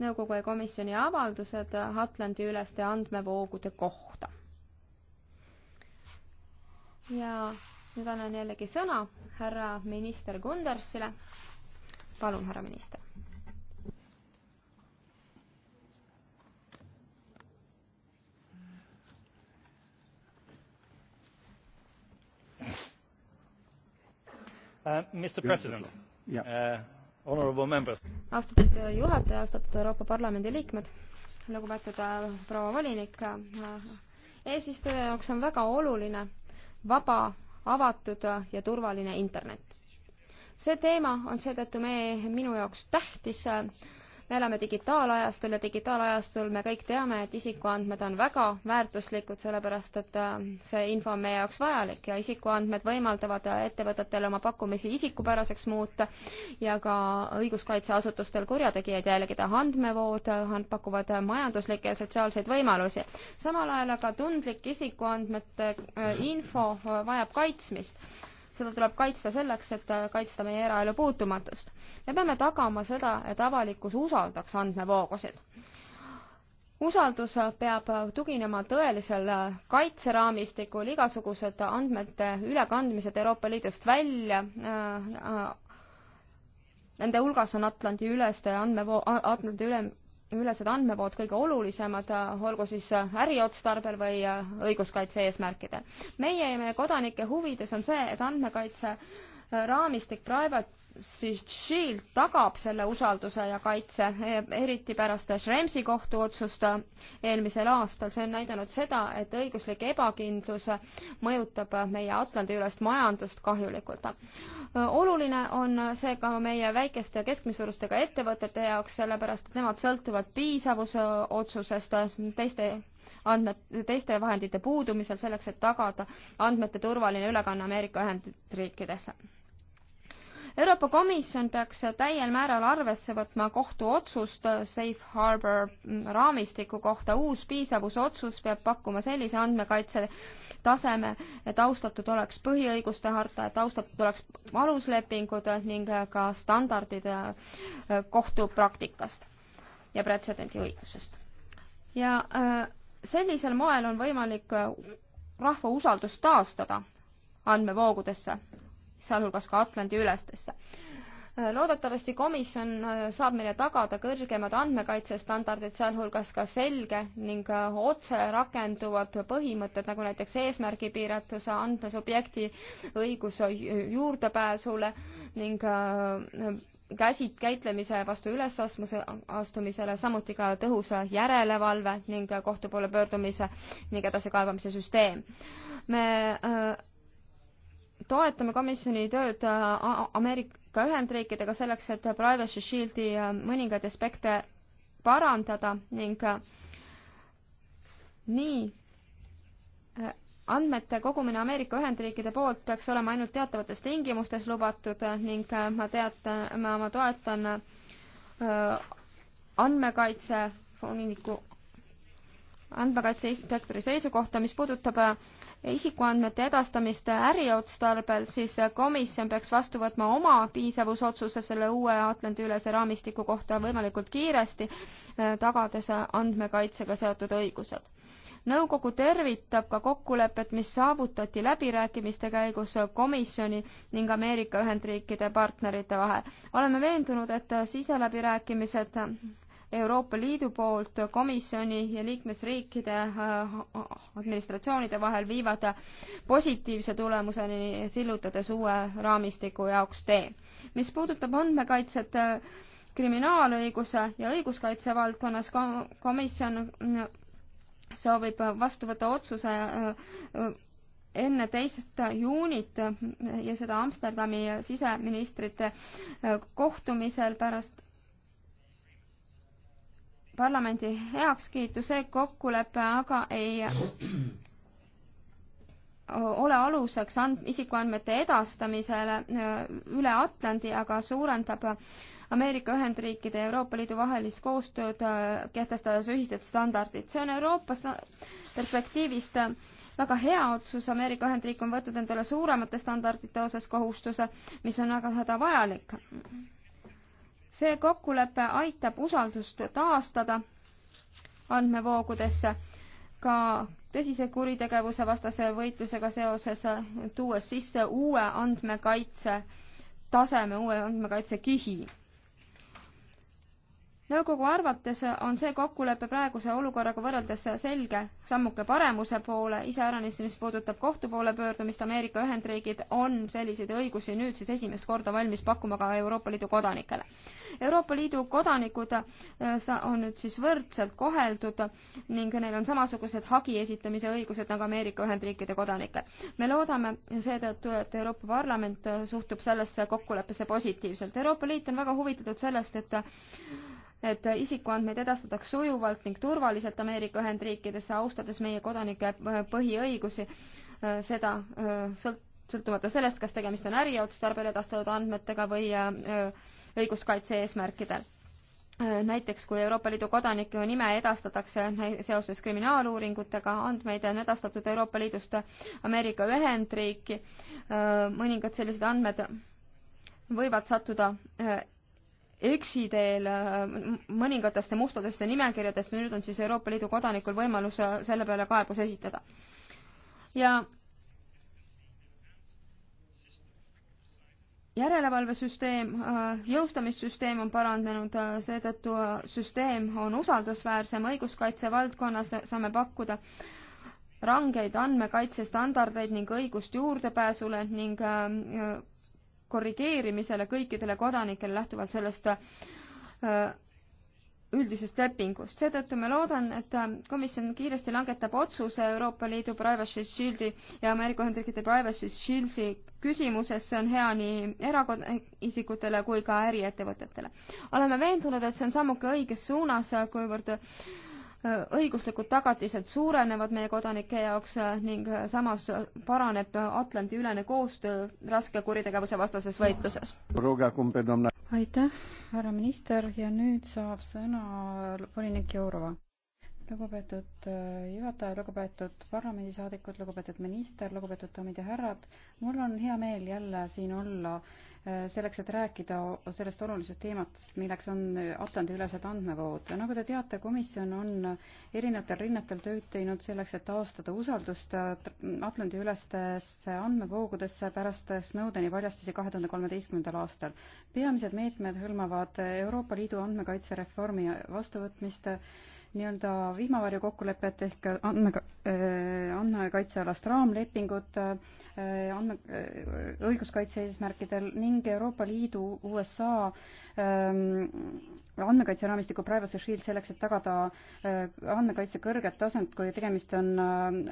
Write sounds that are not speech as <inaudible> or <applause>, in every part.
nõukogu ja komisjoni avaldused Atlandi-üleste andmevoogude kohta. ja nüüd annan jällegi sõna härra minister Kundersile. palun, härra minister. Uh, Mr. President, yeah. uh, austatud juhataja, austatud Euroopa Parlamendi liikmed, lugupeetud äh, proua volinik, äh, eesistuja jaoks on väga oluline vaba, avatud ja turvaline internet. see teema on seetõttu meie, minu jaoks tähtis me elame digitaalajastul ja digitaalajastul me kõik teame, et isikuandmed on väga väärtuslikud, sellepärast et äh, see info on meie jaoks vajalik ja isikuandmed võimaldavad äh, ettevõtetel oma pakkumisi isikupäraseks muuta ja ka õiguskaitseasutustel kurjategijaid jälgida. andmevood äh, pakuvad majanduslikke ja sotsiaalseid võimalusi. samal ajal aga tundlik isikuandmete info vajab kaitsmist seda tuleb kaitsta selleks, et äh, kaitsta meie eraelu puutumatust. me peame tagama seda, et avalikkus usaldaks andmevoogusid. usaldus peab tuginema tõelisel äh, kaitseraamistikul, igasugused andmete ülekandmised Euroopa Liidust välja äh,, äh, nende hulgas on Atlandi üleste andmevoo-, Atlandi üle millised andmevood kõige olulisemad, äh, olgu siis äh, äriotstarbel või äh, õiguskaitse eesmärkidel. meie ja meie kodanike huvides on see, et andmekaitse raamistik private siis Shield tagab selle usalduse ja kaitse, e, eriti pärast Schrems'i kohtuotsust eelmisel aastal. see on näidanud seda, et õiguslik ebakindlus mõjutab meie Atlandi-ülest majandust kahjulikult. oluline on see ka meie väikeste ja keskmisuurustega ettevõtete jaoks, sellepärast et nemad sõltuvad piisavuse otsusest teiste andmed, teiste vahendite puudumisel selleks, et tagada andmete turvaline ülekanne Ameerika Ühendriikidesse Euroopa Komisjon peaks täiel määral arvesse võtma kohtuotsust Safe Harbor raamistiku kohta. uus piisavusotsus peab pakkuma sellise andmekaitse taseme, et austatud oleks põhiõiguste harta, et austatud oleks aluslepingud ning ka standardid kohtupraktikast ja pretsedendi õigusest. ja äh, sellisel moel on võimalik rahva usaldust taastada andmevoogudesse, sealhulgas ka Atlandi ülestesse loodetavasti komisjon äh, saab meile tagada kõrgemad andmekaitsestandardid, sealhulgas ka selge ning äh, otse rakenduvad põhimõtted, nagu näiteks eesmärgipiiratuse, andmesubjekti õigus juurdepääsule ning äh, käsit-, käitlemise vastu ülesastmuse, astumisele, samuti ka tõhusa järelevalve ning kohtu poole pöördumise ning edasikaebamise süsteem. me toetame komisjoni tööd äh, Ameerika Ühendriikidega selleks, et Privacy Shieldi äh, mõningaid aspekte parandada ning äh, nii andmete kogumine Ameerika Ühendriikide poolt peaks olema ainult teatavates tingimustes lubatud ning ma teatan, ma, ma toetan andmekaitse, andmekaitse inspektori seisukohta, mis puudutab isikuandmete edastamist äriotstarbel, siis komisjon peaks vastu võtma oma piisavusotsuse selle uue Atlandi-ülese raamistiku kohta võimalikult kiiresti, eh, tagades andmekaitsega seotud õigused. nõukogu tervitab ka kokkulepet, mis saavutati läbirääkimiste käigus komisjoni ning Ameerika Ühendriikide partnerite vahel. oleme veendunud, et siseläbirääkimised Euroopa Liidu poolt komisjoni ja liikmesriikide äh, administratsioonide vahel viivad positiivse tulemuseni, sillutades uue raamistiku jaoks tee. mis puudutab andmekaitset äh, kriminaalõiguse ja õiguskaitse valdkonnas, komisjon äh, soovib vastu võtta otsuse enne teist juunit ja seda Amsterdami siseministrite kohtumisel pärast parlamendi heakskiitu, see kokkulepe aga ei ole aluseks and-, isikuandmete edastamisele üle Atlandi, aga suurendab Ameerika Ühendriikide ja Euroopa Liidu vahelist koostööd, kehtestades ühised standardid. see on Euroopa perspektiivist väga hea otsus, Ameerika Ühendriik on võtnud endale suuremate standardite osas kohustuse, mis on väga hädavajalik see kokkulepe aitab usaldust taastada andmevoogudesse ka tõsise kuritegevuse vastase võitlusega seoses, tuues sisse uue andmekaitse taseme, uue andmekaitse kihi nõukogu arvates on see kokkulepe praeguse olukorraga võrreldes selge sammuke paremuse poole, iseäranis, mis puudutab kohtu poole pöördumist, Ameerika Ühendriigid on selliseid õigusi nüüd siis esimest korda valmis pakkuma ka Euroopa Liidu kodanikele. Euroopa Liidu kodanikud äh, on nüüd siis võrdselt koheldud ning neil on samasugused hagi esitamise õigused nagu Ameerika Ühendriikide kodanikel. me loodame seetõttu, et Euroopa Parlament suhtub sellesse kokkuleppesse positiivselt. Euroopa Liit on väga huvitatud sellest, et et isikuandmeid edastataks sujuvalt ning turvaliselt Ameerika Ühendriikidesse, austades meie kodanike põhiõigusi, äh, seda äh, sõlt-, sõltumata sellest, kas tegemist on äriotstarbel edastatud andmetega või äh, õiguskaitse eesmärkidel. näiteks kui Euroopa Liidu kodaniku nime edastatakse seoses kriminaaluuringutega, andmeid on edastatud Euroopa Liidust Ameerika Ühendriiki, mõningad sellised andmed võivad sattuda eksiteel äh, mõningatesse mustadesse nimekirjadesse, nüüd on siis Euroopa Liidu kodanikul võimalus äh, selle peale kaebus esitada. ja järelevalvesüsteem, äh, jõustamissüsteem on paranenud, seetõttu süsteem on usaldusväärsem, õiguskaitse valdkonnas saame pakkuda rangeid andmekaitsestandardeid ning õigust juurdepääsule ning korrigeerimisele kõikidele kodanikele lähtuvalt sellest äh, üldisest lepingust. seetõttu ma loodan, et äh, komisjon kiiresti langetab otsuse Euroopa Liidu Privacy Shieldi ja Ameerika Ühendriikide Privacy Shieldi küsimuses, see on hea nii erakonnaisikutele kui ka äriettevõtetele. oleme veendunud, et see on sammuke õiges suunas, äh, kuivõrd õiguslikud tagatised suurenevad meie kodanike jaoks äh, ning äh, samas paraneb äh, Atlandi-ülene koostöö raske kuritegevuse vastases võitluses. aitäh, härra minister ja nüüd saab sõna volinik Jourova lugupeetud äh, juhataja, lugupeetud parlamendisaadikud, lugupeetud minister, lugupeetud daamid ja härrad. mul on hea meel jälle siin olla äh, selleks, et rääkida sellest olulisest teemast, milleks on äh, Atlandi-ülesed andmevood. nagu te teate, komisjon on erinevatel rinnetel tööd teinud selleks, et taastada usaldust Atlandi-ülestesse andmevoogudesse pärast Snowdeni paljastusi kahe tuhande kolmeteistkümnendal aastal. peamised meetmed hõlmavad Euroopa Liidu andmekaitsereformi vastuvõtmist, nii-öelda vihmavarjukokkulepet ehk andme, äh, andmekaitsealast raamlepingut äh, andme, äh, õiguskaitse eesmärkidel ning Euroopa Liidu, USA ähm, andmekaitseraamistiku Privacy Shield selleks, et tagada andmekaitse kõrget tasand, kui tegemist on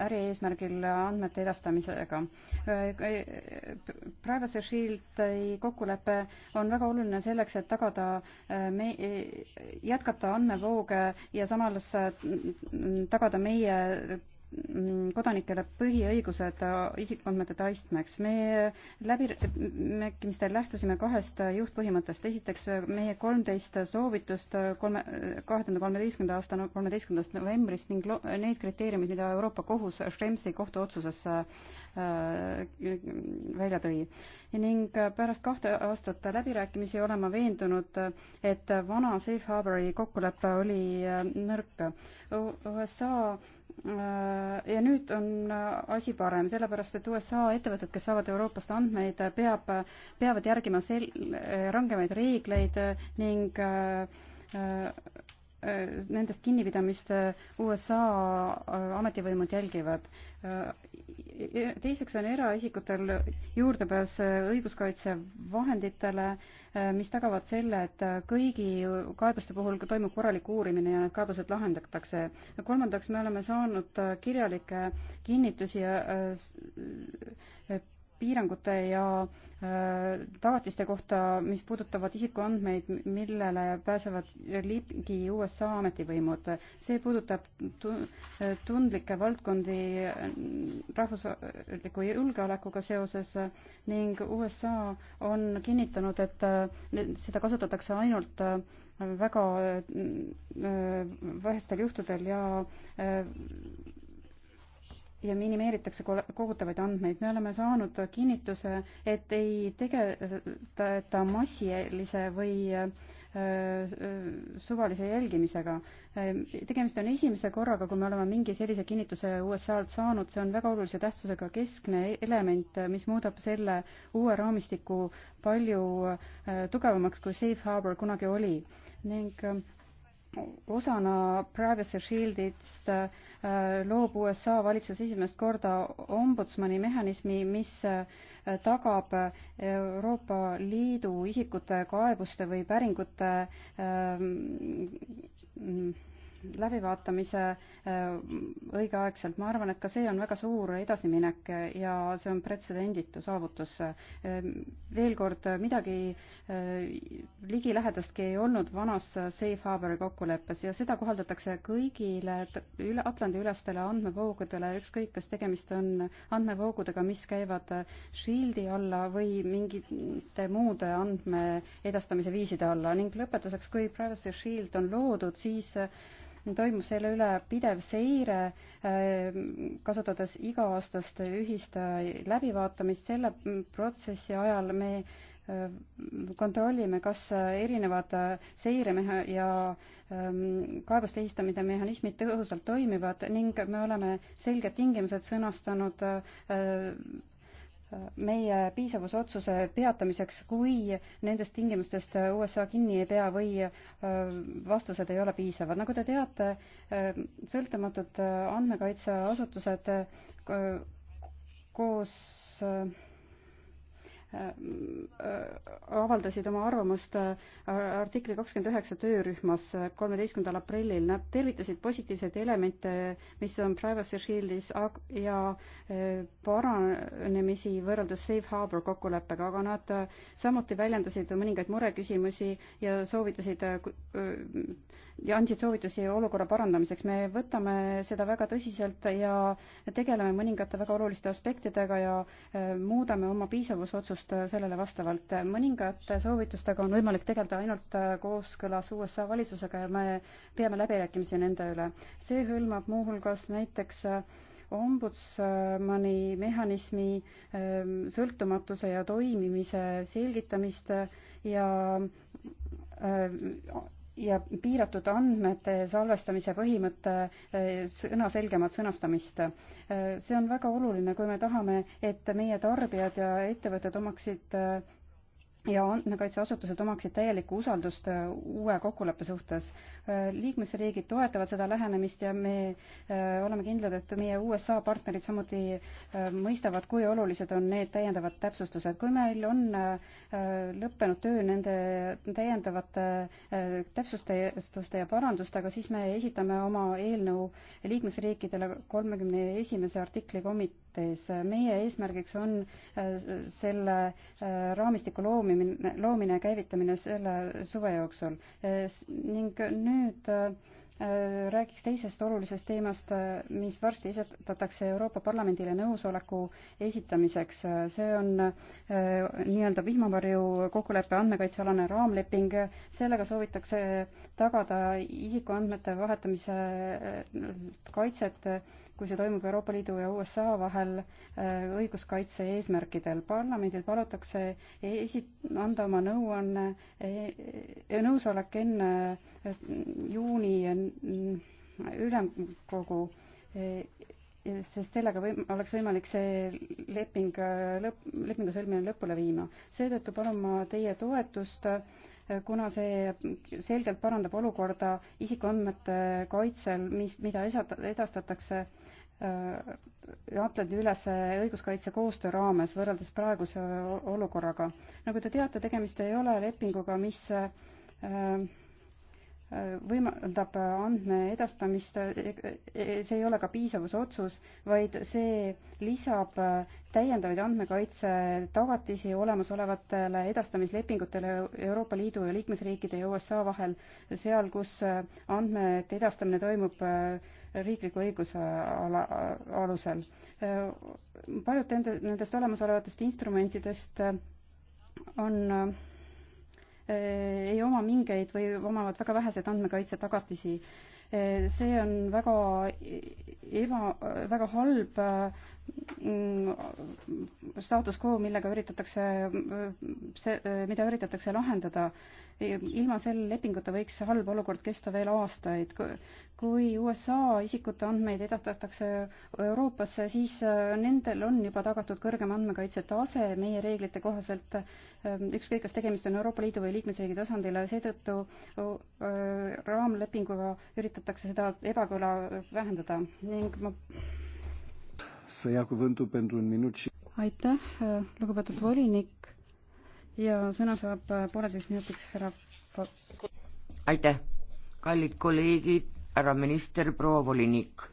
ärieesmärgil andmete edastamisega. Privacy Shieldi kokkulepe on väga oluline selleks, et tagada me, jätkata andmevooge ja samas võimalus äh, tagada meie Mm, kodanikele põhiõigused isikuandmete taistmeks. me läbirääkimistel lähtusime kahest juhtpõhimõttest. esiteks meie kolmteist soovitust kolme, kahe tuhande kolmeteistkümnenda aasta kolmeteistkümnendast novembrist ning lo, need kriteeriumid, mida Euroopa Kohus Schrems'i kohtuotsuses äh, välja tõi. ning pärast kahte aastat läbirääkimisi olen ma veendunud, et vana Safe Harbori kokkulepe oli äh, nõrk. USA Äh, ja nüüd on äh, asi parem, sellepärast et USA ettevõtted, kes saavad Euroopast andmeid, äh, peab, peavad järgima sel-, rangemaid reegleid ning äh, Äh, nendest kinnipidamist äh, USA äh, ametivõimud jälgivad. teiseks on eraisikutel juurdepääs õiguskaitsevahenditele, mis tagavad selle, et kõigi kaebuste puhul toimub korralik uurimine ja need kaebused lahendatakse. kolmandaks, me oleme saanud kirjalikke kinnitusi ja piirangute ja äh, tagatiste kohta, mis puudutavad isikuandmeid, millele pääsevad ligi USA ametivõimud. see puudutab tundlikke valdkondi äh, rahvusliku julgeolekuga seoses ning USA on kinnitanud, et äh, seda kasutatakse ainult väga vähestel juhtudel ja ja minimeeritakse kogutavaid andmeid. me oleme saanud kinnituse, et ei tegeleta massilise või äh, äh, suvalise jälgimisega. tegemist on esimese korraga, kui me oleme mingi sellise kinnituse USA-lt saanud, see on väga olulise tähtsusega keskne element, mis muudab selle uue raamistiku palju äh, tugevamaks, kui Safe Harbor kunagi oli. ning osana Privacy Shieldist äh, loob USA valitsus esimest korda ombudsmani mehhanismi, mis äh, tagab Euroopa Liidu isikute kaebuste või päringute ähm, läbivaatamise äh, õigeaegselt, ma arvan, et ka see on väga suur edasiminek ja see on pretsedenditu saavutus. Äh, veel kord, äh, midagi ligilähedastki ei olnud vanas safe harbori kokkuleppes ja seda kohaldatakse kõigile üle Atlandi-ülestele andmevoogudele, ükskõik, kas tegemist on andmevoogudega, mis käivad Shieldi alla või mingite muude andme edastamise viiside alla ning lõpetuseks, kui Privacy Shield on loodud, siis toimus selle üle pidev seire, äh, kasutades iga-aastast ühist äh, läbivaatamist, selle protsessi ajal me äh, kontrollime, kas erinevad seiremeha- ja ähm, kaebuste esistamise mehhanismid tõhusalt toimivad ning me oleme selged tingimused sõnastanud meie piisavusotsuse peatamiseks, kui nendest tingimustest USA kinni ei pea või äh, vastused ei ole piisavad. nagu te teate, äh, sõltumatud äh, andmekaitseasutused koos Äh, äh, avaldasid oma arvamust äh, artikli kakskümmend üheksa töörühmas kolmeteistkümnendal aprillil. Nad tervitasid positiivseid elemente, mis on Privacy Shieldis ja paranemisi võrreldes Safe Harbor kokkuleppega, aga nad samuti väljendasid mõningaid mureküsimusi ja soovitasid ja andsid soovitusi olukorra parandamiseks. me võtame seda väga tõsiselt ja tegeleme mõningate väga oluliste aspektidega ja muudame oma piisavusotsust vastutust sellele vastavalt. mõningate soovitustega on võimalik tegeleda ainult kooskõlas USA valitsusega ja me peame läbirääkimisi nende üle. see hõlmab muuhulgas näiteks ombudsmani mehhanismi ehm, sõltumatuse ja toimimise selgitamist ja ehm, ja piiratud andmete salvestamise põhimõtte eh, sõnaselgemat sõnastamist. Eh, see on väga oluline, kui me tahame, et meie tarbijad ja ettevõtted omaksid eh, ja andmekaitseasutused omaksid täielikku usaldust äh, uue kokkuleppe suhtes. Äh, liikmesriigid toetavad seda lähenemist ja me äh, oleme kindlad, et meie USA partnerid samuti mõistavad, kui olulised on need täiendavad täpsustused. kui meil on lõppenud töö nende täiendavate täpsustuste ja parandustega, siis me esitame oma eelnõu liikmesriikidele kolmekümne esimese artikli komit-, suhtes. meie eesmärgiks on äh, selle äh, raamistiku loomimine, loomine ja käivitamine selle suve jooksul. Äh, ning nüüd räägiks teisest olulisest teemast, mis varsti esitatakse Euroopa Parlamendile nõusoleku esitamiseks. see on nii-öelda vihmavarju kokkuleppe andmekaitsealane raamleping. sellega soovitakse tagada isikuandmete vahetamise kaitset kui see toimub Euroopa Liidu ja USA vahel äh, õiguskaitse eesmärkidel. parlamendil palutakse e-, esi-, anda oma nõuanne, e-, nõusolek enne juuni ülemkogu, e-, sest sellega võim-, oleks võimalik see leping lõpp, lepingu sõlmimine lõpule viima. seetõttu palun ma teie toetust äh, kuna see selgelt parandab olukorda isikuandmete kaitsel, mis, mida edastatakse äh, Atlandi ülese õiguskaitse koostöö raames võrreldes praeguse olukorraga. nagu te teate, tegemist ei ole lepinguga, mis äh, võimaldab andme edastamist, see ei ole ka piisavusotsus, vaid see lisab täiendavaid andmekaitse tagatisi olemasolevatele edastamislepingutele Euroopa Liidu ja liikmesriikide ja USA vahel, seal, kus andmete edastamine toimub riikliku õiguse ala, alusel. paljud nende, nendest olemasolevatest instrumentidest on Äh, ei oma mingeid või omavad väga väheseid andmekaitse tagatisi see on väga eba, väga halb mm, status quo, millega üritatakse, see, mida üritatakse lahendada. ilma selle lepinguta võiks see halb olukord kesta veel aastaid. kui USA isikute andmeid edastatakse Euroopasse, siis äh, nendel on juba tagatud kõrgem andmekaitse tase meie reeglite kohaselt, ähm, ükskõik, kas tegemist on Euroopa Liidu või liikmesriigi tasandil, seetõttu äh, raamlepinguga üritatakse üritatakse seda ebakõla vähendada ning ma aitäh, lugupeetud volinik ja sõna saab pooleteist minutiks härra aitäh, kallid kolleegid, härra minister, proua volinik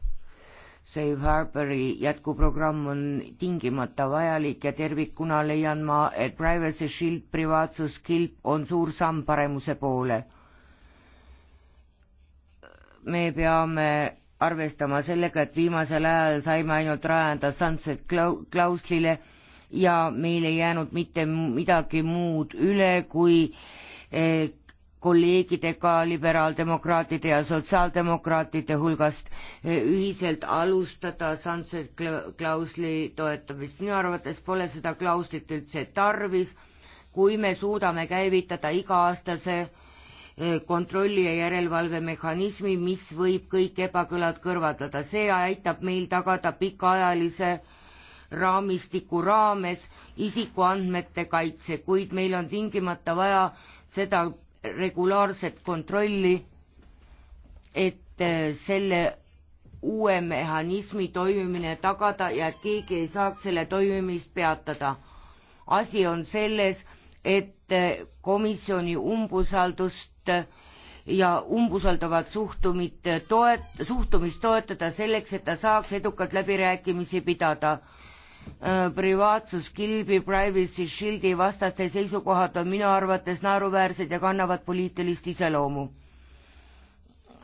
Safe Harbori jätkuprogramm on tingimata vajalik ja tervikuna leian ma, et Privacy Shield privaatsuskild on suur samm paremuse poole me peame arvestama sellega, et viimasel ajal saime ainult rajada Sunset klauslile ja meil ei jäänud mitte midagi muud üle, kui eh, kolleegidega liberaaldemokraatide ja sotsiaaldemokraatide hulgast eh, ühiselt alustada Sunset klausli toetamist. minu arvates pole seda klauslit üldse tarvis, kui me suudame käivitada iga-aastase Eh, kontrolli ja järelevalvemehhanismi, mis võib kõik ebakõlad kõrvaldada, see aitab meil tagada pikaajalise raamistiku raames isikuandmete kaitse, kuid meil on tingimata vaja seda regulaarset kontrolli, et eh, selle uue mehhanismi toimimine tagada ja et keegi ei saaks selle toimimist peatada. asi on selles, et komisjoni umbusaldust ja umbusaldavat suhtumit toet-, suhtumist toetada selleks, et ta saaks edukalt läbirääkimisi pidada. privaatsuskilbi, privacy shield'i vastaste seisukohad on minu arvates naeruväärsed ja kannavad poliitilist iseloomu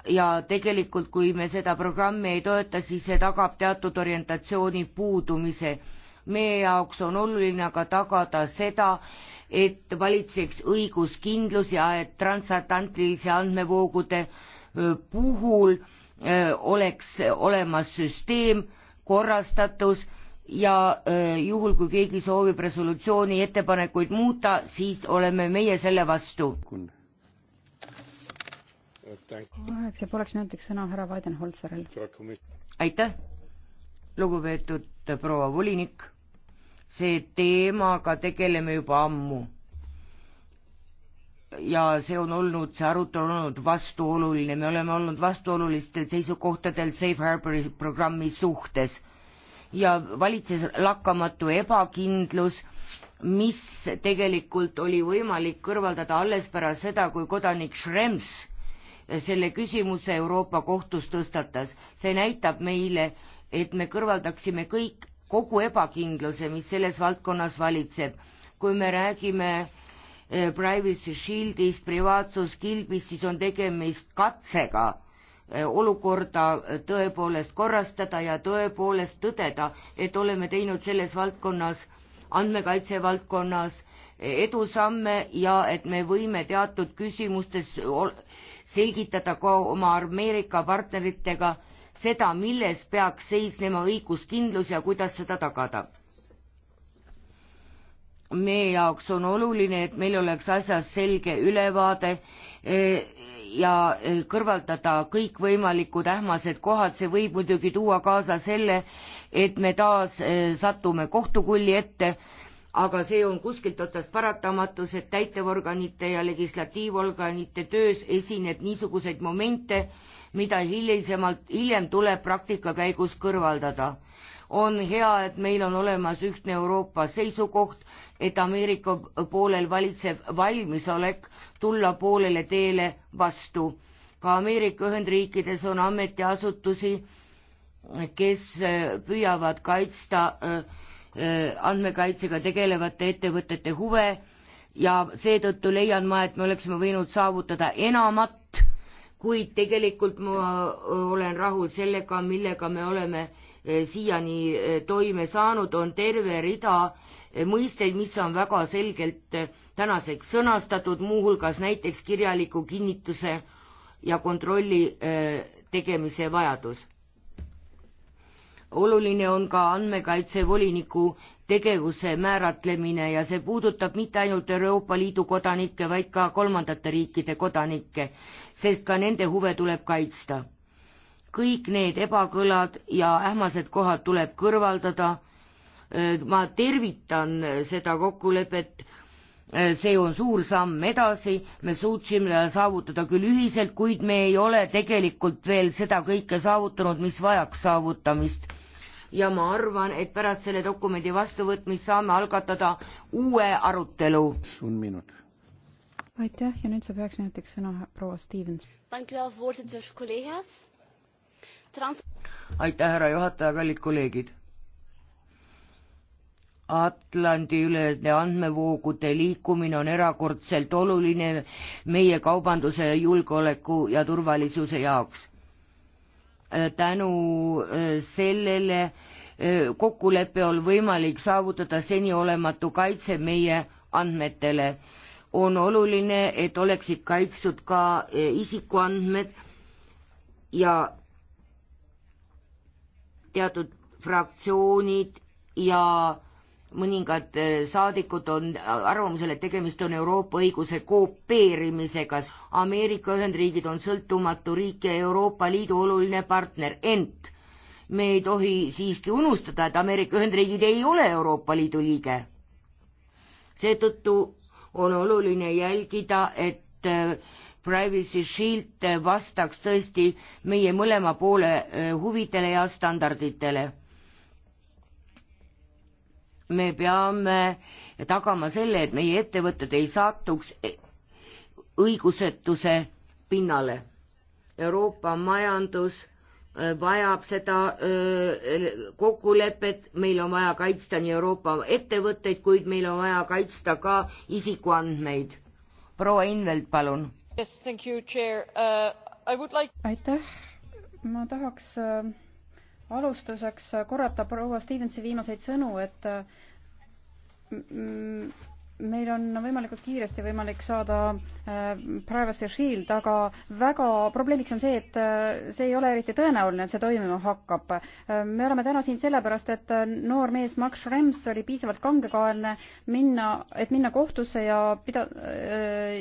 ja tegelikult, kui me seda programmi ei toeta, siis see tagab teatud orientatsiooni puudumise. meie jaoks on oluline aga tagada seda, et valitseks õiguskindlus ja et transatlantilise andmevoogude puhul oleks olemas süsteem, korrastatus ja juhul, kui keegi soovib resolutsiooni ettepanekuid muuta, siis oleme meie selle vastu. Äh, kaheks ja pooleks minutiks sõna härra Weidenholzeril. aitäh, lugupeetud proua volinik see teemaga tegeleme juba ammu. ja see on olnud, see arutelu on olnud vastuoluline, me oleme olnud vastuolulistel seisukohtadel Safe Harbori programmi suhtes ja valitses lakkamatu ebakindlus, mis tegelikult oli võimalik kõrvaldada alles pärast seda, kui kodanik Schrems selle küsimuse Euroopa kohtus tõstatas. see näitab meile, et me kõrvaldaksime kõik kogu ebakindluse, mis selles valdkonnas valitseb. kui me räägime eh, privacy shield'ist, privaatsuskilbist, siis on tegemist katsega eh, olukorda eh, tõepoolest korrastada ja tõepoolest tõdeda, et oleme teinud selles valdkonnas, andmekaitse valdkonnas edusamme ja et me võime teatud küsimustes selgitada ka oma Ameerika partneritega seda, milles peaks seisnema õiguskindlus ja kuidas seda tagada. meie jaoks on oluline, et meil oleks asjas selge ülevaade e, ja e, kõrvaldada kõikvõimalikud ähmased kohad, see võib muidugi tuua kaasa selle, et me taas e, satume kohtukulli ette, aga see on kuskilt otsast paratamatus, et täitevorganite ja legislatiivorganite töös esineb niisuguseid momente, mida hilisemalt, hiljem tuleb praktika käigus kõrvaldada. on hea, et meil on olemas ühtne Euroopa seisukoht, et Ameerika poolel valitsev valmisolek tulla poolele teele vastu. ka Ameerika Ühendriikides on ametiasutusi, kes äh, püüavad kaitsta äh, äh, andmekaitsega tegelevate ettevõtete huve ja seetõttu leian ma, et me oleksime võinud saavutada enamat, kuid tegelikult ma olen rahul sellega, millega me oleme siiani toime saanud, on terve rida mõisteid, mis on väga selgelt tänaseks sõnastatud, muuhulgas näiteks kirjaliku kinnituse ja kontrolli tegemise vajadus oluline on ka andmekaitsevoliniku tegevuse määratlemine ja see puudutab mitte ainult Euroopa Liidu kodanikke, vaid ka kolmandate riikide kodanikke, sest ka nende huve tuleb kaitsta. kõik need ebakõlad ja ähmased kohad tuleb kõrvaldada. Äh, ma tervitan seda kokkulepet äh, see on suur samm edasi, me suutsime saavutada küll ühiselt, kuid me ei ole tegelikult veel seda kõike saavutanud, mis vajaks saavutamist ja ma arvan, et pärast selle dokumendi vastuvõtmist saame algatada uue arutelu. aitäh ja nüüd saab üheks minutiks sõna proua Stevens. aitäh, härra juhataja, kallid kolleegid Atlandi-ülene andmevoogude liikumine on erakordselt oluline meie kaubanduse, julgeoleku ja turvalisuse jaoks. Äh, tänu äh, sellele äh, kokkulepe on võimalik saavutada seniolematu kaitse meie andmetele. on oluline, et oleksid kaitstud ka isikuandmed ja teatud fraktsioonid ja mõningad äh, saadikud on arvamusel, et tegemist on Euroopa õiguse koopeerimisega. Ameerika Ühendriigid on sõltumatu riik ja Euroopa Liidu oluline partner, ent me ei tohi siiski unustada, et Ameerika Ühendriigid ei ole Euroopa Liidu liige. seetõttu on oluline jälgida, et äh, Privacy Shield vastaks tõesti meie mõlema poole äh, huvidele ja standarditele me peame tagama selle, et meie ettevõtted ei satuks e- õigusetuse pinnale. Euroopa majandus äh, vajab seda äh, kokkulepet, meil on vaja kaitsta nii Euroopa ettevõtteid, kuid meil on vaja kaitsta ka isikuandmeid. proua Invelt, palun yes,. Uh, like... aitäh, ma tahaks uh alustuseks äh, korrata proua Stevensi viimaseid sõnu, et äh, meil on võimalikult kiiresti võimalik saada äh, Privacy Shield, aga väga probleemiks on see, et äh, see ei ole eriti tõenäoline, et see toimima hakkab. Äh, me oleme täna siin sellepärast, et noor mees Max Schrems oli piisavalt kangekaelne minna, et minna kohtusse ja pida-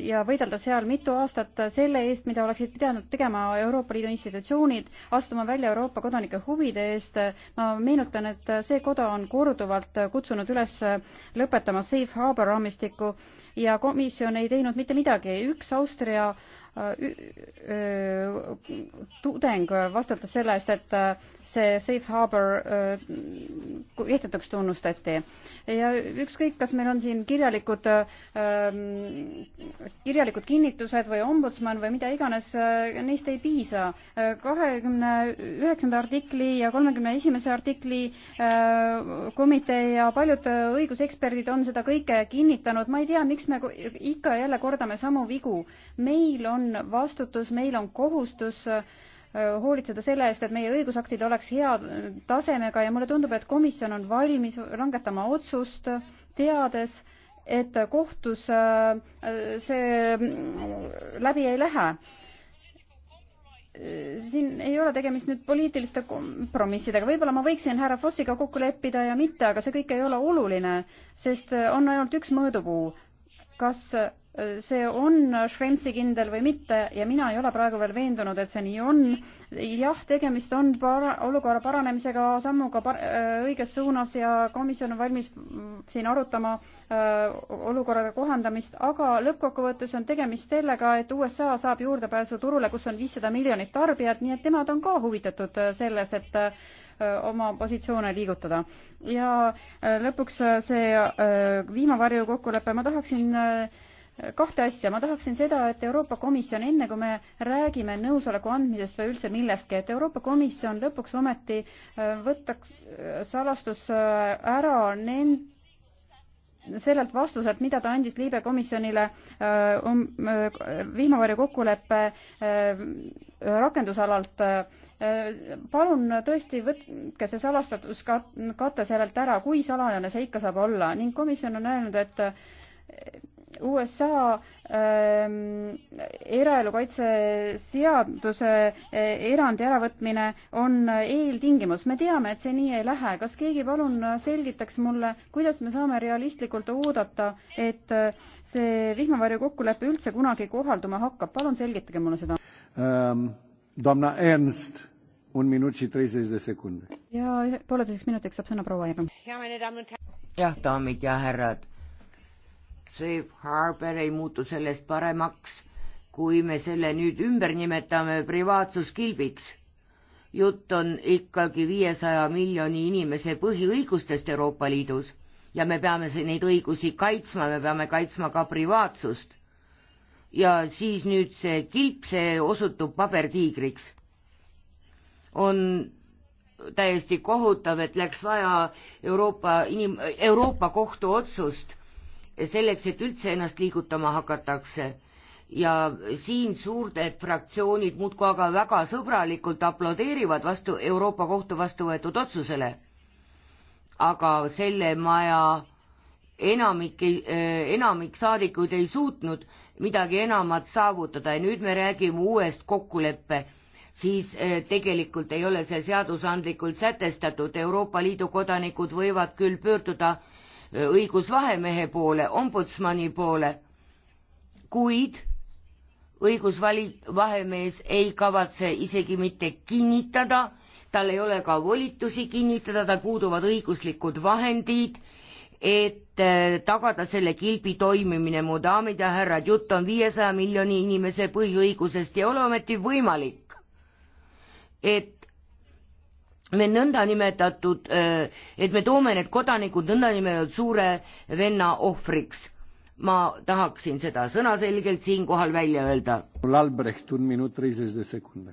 ja võidelda seal mitu aastat selle eest, mida oleksid pidanud tegema Euroopa Liidu institutsioonid, astuma välja Euroopa kodanike huvide eest. ma meenutan, et see koda on korduvalt kutsunud üles lõpetama safe harbor raami raamistikku ja komisjon ei teinud mitte midagi. üks Austria tudeng vastutas selle eest, et äh, see safe harbor äh, kehtetuks tunnustati. ja ükskõik, kas meil on siin kirjalikud, ähm, kirjalikud kinnitused või ombudsman või mida iganes, äh, neist ei piisa. kahekümne üheksanda artikli ja kolmekümne esimese artikli komitee ja paljud õiguseksperdid on seda kõike kinnitanud. ma ei tea, miks me ikka ja jälle kordame samu vigu. meil on on vastutus, meil on kohustus äh, hoolitseda selle eest, et meie õigusaktid oleks hea tasemega ja mulle tundub, et komisjon on valmis langetama otsust, teades, et kohtus äh, see äh, läbi ei lähe siin ei ole tegemist nüüd poliitiliste kompromissidega, võib-olla ma võiksin härra Fossiga kokku leppida ja mitte, aga see kõik ei ole oluline, sest on ainult üks mõõdupuu. kas see on Šremsi kindel või mitte ja mina ei ole praegu veel veendunud, et see nii on. jah, tegemist on para-, olukorra paranemisega, sammuga par-, äh, õiges suunas ja komisjon on valmis siin arutama äh, olukorraga kohandamist, aga lõppkokkuvõttes on tegemist sellega, et USA saab juurdepääsu turule, kus on viissada miljonit tarbijat, nii et nemad on ka huvitatud äh, selles, et oma positsioone liigutada. ja lõpuks see viimavarju kokkulepe, ma tahaksin kahte asja, ma tahaksin seda, et Euroopa Komisjon, enne kui me räägime nõusoleku andmisest või üldse millestki, et Euroopa Komisjon lõpuks ometi äh, võtaks äh, salastus äh, ära nend-, sellelt vastuselt, mida ta andis Liibe komisjonile um, vihmavarju kokkuleppe rakendusalalt. palun tõesti võtke see salastatus ka, kate sellelt ära, kui salajane see ikka saab olla ning komisjon on öelnud, et USA ähm, eraelukaitseseaduse äh, erandi äravõtmine on äh, eeltingimus. me teame, et see nii ei lähe. kas keegi palun äh, selgitaks mulle, kuidas me saame realistlikult oodata, et see vihmavarju kokkulepe üldse kunagi kohalduma hakkab? palun selgitage mulle seda ähm,. Domna Ernst un minut și 30 de secunde. ja pooleteiseks minutiks saab sõna proua Ernst. jah, daamid ja härrad Safe Harbor ei muutu sellest paremaks, kui me selle nüüd ümber nimetame privaatsuskilbiks. jutt on ikkagi viiesaja miljoni inimese põhiõigustest Euroopa Liidus ja me peame neid õigusi kaitsma, me peame kaitsma ka privaatsust. ja siis nüüd see kilp, see osutub pabertiigriks. on täiesti kohutav, et läks vaja Euroopa inim-, Euroopa Kohtu otsust selleks, et üldse ennast liigutama hakatakse. ja siin suured fraktsioonid muudkui aga väga sõbralikult aplodeerivad vastu, Euroopa Kohtu vastu võetud otsusele. aga selle maja enamik, enamik saadikuid ei suutnud midagi enamat saavutada ja nüüd me räägime uuest kokkuleppe, siis eh, tegelikult ei ole see seadusandlikult sätestatud, Euroopa Liidu kodanikud võivad küll pöörduda õigusvahemehe poole, ombudsmani poole, kuid õigusvali-, vahemees ei kavatse isegi mitte kinnitada, tal ei ole ka volitusi kinnitada, tal puuduvad õiguslikud vahendid, et äh, tagada selle kilbi toimimine, mu daamid ja härrad, jutt on viiesaja miljoni inimese põhiõigusest ja ole ometi võimalik, et me nõndanimetatud, äh, et me toome need kodanikud nõndanimetatud suure venna ohvriks. ma tahaksin seda sõnaselgelt siinkohal välja öelda. Albrecht, un minut treises de secunde.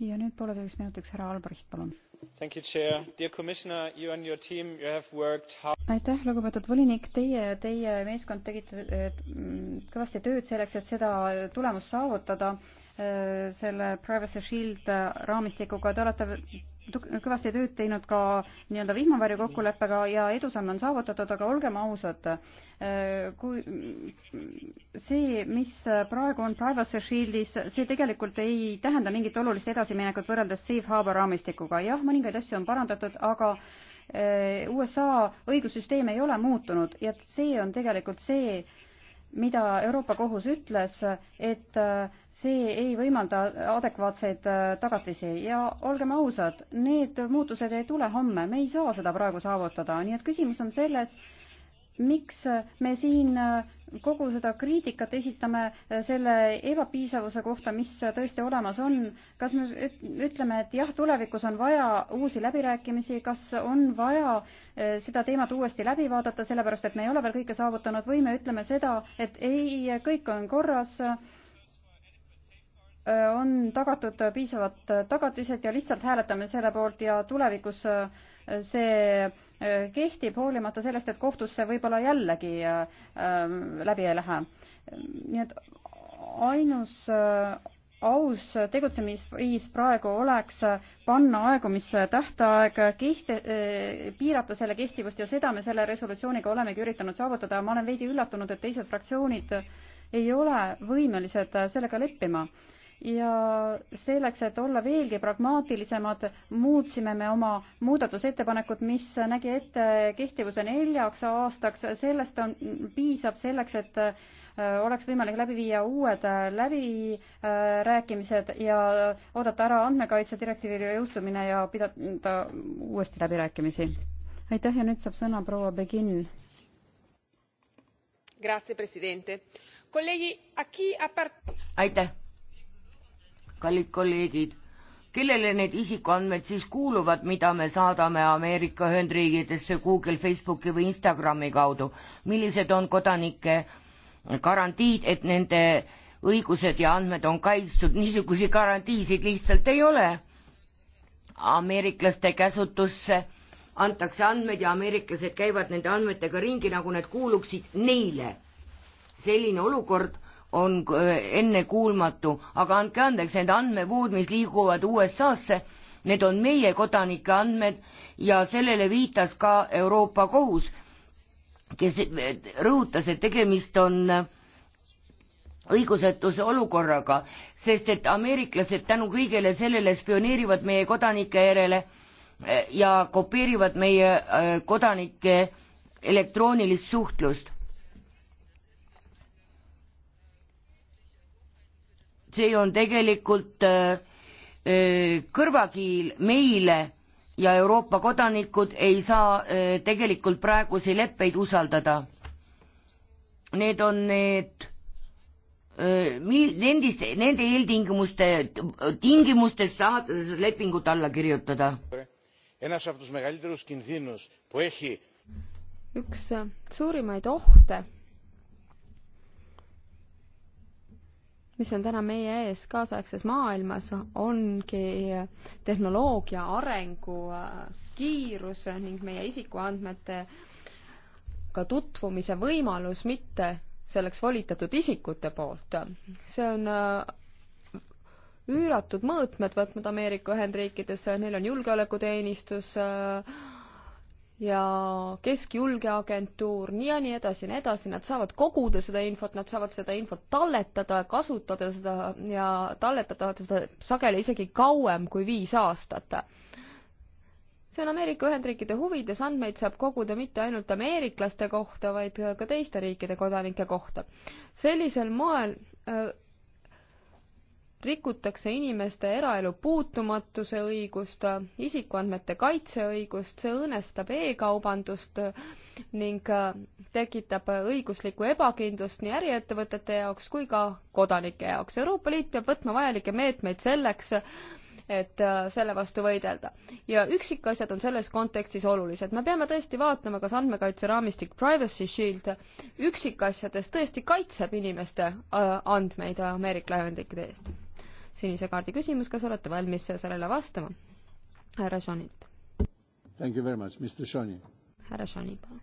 ja nüüd pooleteiseks minutiks härra Albrecht, palun. aitäh, lugupeetud volinik, teie ja teie meeskond tegite äh, kõvasti tööd selleks, et seda tulemust saavutada äh, selle Privacy Shield raamistikuga, te olete kõvasti tööd teinud ka nii-öelda vihmavarju kokkuleppega ja edusamme on saavutatud, aga olgem ausad, kui see, mis praegu on Privacy Shieldis, see tegelikult ei tähenda mingit olulist edasiminekut võrreldes Safe Harbor raamistikuga. jah, mõningaid asju on parandatud, aga eh, USA õigussüsteem ei ole muutunud ja see on tegelikult see, mida Euroopa Kohus ütles, et äh, see ei võimalda adekvaatseid äh, tagatisi ja olgem ausad, need muutused ei tule homme, me ei saa seda praegu saavutada, nii et küsimus on selles, miks me siin äh, kogu seda kriitikat esitame äh, selle ebapiisavuse kohta, mis tõesti olemas on, kas me ütleme, et jah, tulevikus on vaja uusi läbirääkimisi, kas on vaja seda teemat uuesti läbi vaadata, sellepärast et me ei ole veel kõike saavutanud, või me ütleme seda, et ei, kõik on korras, Äh, on tagatud piisavad äh, tagatised ja lihtsalt hääletame selle poolt ja tulevikus äh, see kehtib, hoolimata sellest, et kohtusse võib-olla jällegi läbi ei lähe. nii et ainus aus tegutsemisviis praegu oleks panna aegumistähtaeg, kihte, piirata selle kehtivust ja seda me selle resolutsiooniga olemegi üritanud saavutada. ma olen veidi üllatunud, et teised fraktsioonid ei ole võimelised sellega leppima ja selleks, et olla veelgi pragmaatilisemad, muutsime me oma muudatusettepanekut, mis nägi ette kehtivuse neljaks aastaks, sellest on, piisab selleks, et äh, oleks võimalik läbi viia uued äh, läbirääkimised ja oodata ära andmekaitse direktiivi jõustumine ja pidada uuesti läbirääkimisi. aitäh ja nüüd saab sõna proua Begin signor presidente onorevoli colleghi aitäh! kallid kolleegid, kellele need isikuandmed siis kuuluvad, mida me saadame Ameerika Ühendriikidesse Google, Facebooki või Instagrami kaudu, millised on kodanike garantiid, et nende õigused ja andmed on kaitstud, niisuguseid garantiisid lihtsalt ei ole. ameeriklaste käsutusse antakse andmed ja ameeriklased käivad nende andmetega ringi, nagu need kuuluksid neile. selline olukord on ennekuulmatu, aga andke andeks, need andmevood, mis liiguvad USA-sse, need on meie kodanike andmed ja sellele viitas ka Euroopa Kohus, kes rõhutas, et tegemist on õigusetuse olukorraga, sest et ameeriklased tänu kõigele sellele spioneerivad meie kodanike järele eh, ja kopeerivad meie eh, kodanike elektroonilist suhtlust see on tegelikult äh, äh, kõrvakiil meile ja Euroopa kodanikud ei saa äh, tegelikult praegusi leppeid usaldada. Need on need Nendis, nende eeltingimuste, tingimustes saab lepingut alla kirjutada. üks suurimaid ohte mis on täna meie ees kaasaegses maailmas, ongi tehnoloogia arengu äh, kiirus ning meie isikuandmetega tutvumise võimalus mitte selleks volitatud isikute poolt. see on äh, üüratud mõõtmed võtnud Ameerika Ühendriikides, neil on julgeolekuteenistus äh,, ja Keskjulgeagentuur nii ja nii edasi ja nii edasi, nad saavad koguda seda infot, nad saavad seda infot talletada, kasutada seda ja talletada seda sageli isegi kauem kui viis aastat see on Ameerika Ühendriikide huvides, andmeid saab koguda mitte ainult ameeriklaste kohta, vaid ka teiste riikide kodanike kohta. sellisel moel äh, rikutakse inimeste eraelu puutumatuse õigust, isikuandmete kaitseõigust, see õõnestab e-kaubandust ning äh, tekitab õiguslikku ebakindlust nii äriettevõtete jaoks kui ka kodanike jaoks. Euroopa Liit peab võtma vajalikke meetmeid selleks, et äh, selle vastu võidelda. ja üksikasjad on selles kontekstis olulised. me peame tõesti vaatama, kas andmekaitseraamistik Privacy Shield üksikasjades tõesti kaitseb inimeste äh, andmeid Ameerika Ühendriikide eest sinise kaardi küsimus, kas olete valmis sellele vastama? härra Šonilt. Thank you very much, Mr Šoni. härra Šoni, palun.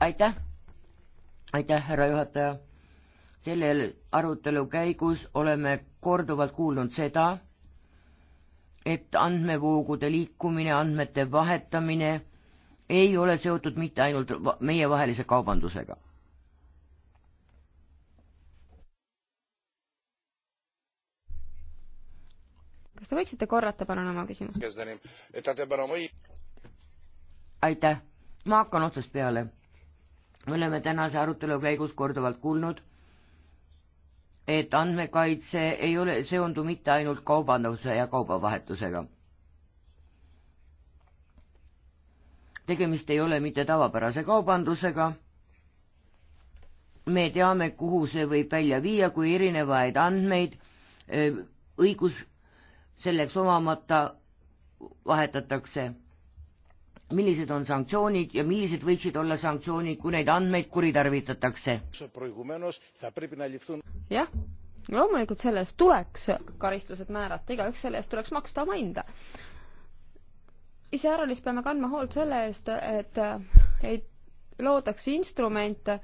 aitäh, aitäh, härra juhataja. sellel arutelu käigus oleme korduvalt kuulnud seda, et andmevoogude liikumine, andmete vahetamine ei ole seotud mitte ainult meievahelise kaubandusega. kas te võiksite korrata palun oma küsimust? E, aitäh, ma hakkan otsast peale. me oleme tänase arutelu käigus korduvalt kuulnud, et andmekaitse ei ole, seondu mitte ainult kaubanduse ja kaubavahetusega tegemist ei ole mitte tavapärase kaubandusega. me teame, kuhu see võib välja viia, kui erinevaid andmeid õigus selleks omamata vahetatakse. millised on sanktsioonid ja millised võiksid olla sanktsioonid, kui neid andmeid kuritarvitatakse? jah, loomulikult selle eest tuleks karistused määrata, igaüks selle eest tuleks maksta omahinda iseäranis peame kandma hoolt selle eest, et ei loodaks instrumente,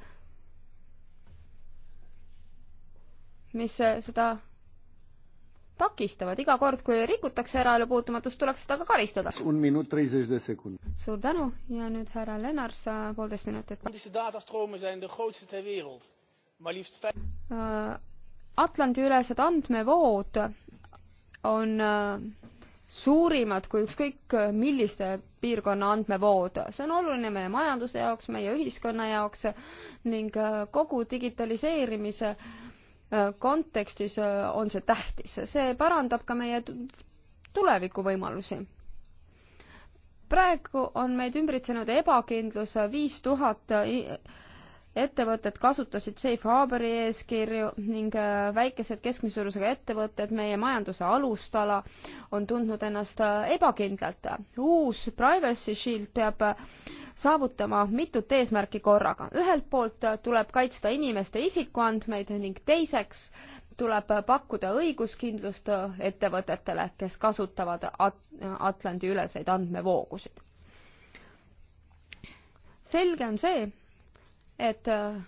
mis seda takistavad, iga kord, kui rikutakse eraelu puutumatust, tuleks seda ka karistada. suur tänu ja nüüd härra Lennars, poolteist minutit. Äh, Atlandi-ülesed andmevood on äh, suurimad kui ükskõik äh, milliste piirkonna andmevood. see on oluline meie majanduse jaoks, meie ühiskonna jaoks ning äh, kogu digitaliseerimise äh, kontekstis on see tähtis. see parandab ka meie tulevikuvõimalusi. praegu on meid ümbritsenud ebakindlus, viis tuhat ettevõtted kasutasid safe harbori eeskirju ning äh, väikesed keskmise suurusega ettevõtted, meie majanduse alustala, on tundnud ennast äh, ebakindlalt. uus Privacy Shield peab äh, saavutama mitut eesmärki korraga. ühelt poolt tuleb kaitsta inimeste isikuandmeid ning teiseks tuleb pakkuda õiguskindlust ettevõtetele, kes kasutavad At Atlandi üleseid andmevoogusid. selge on see, et äh,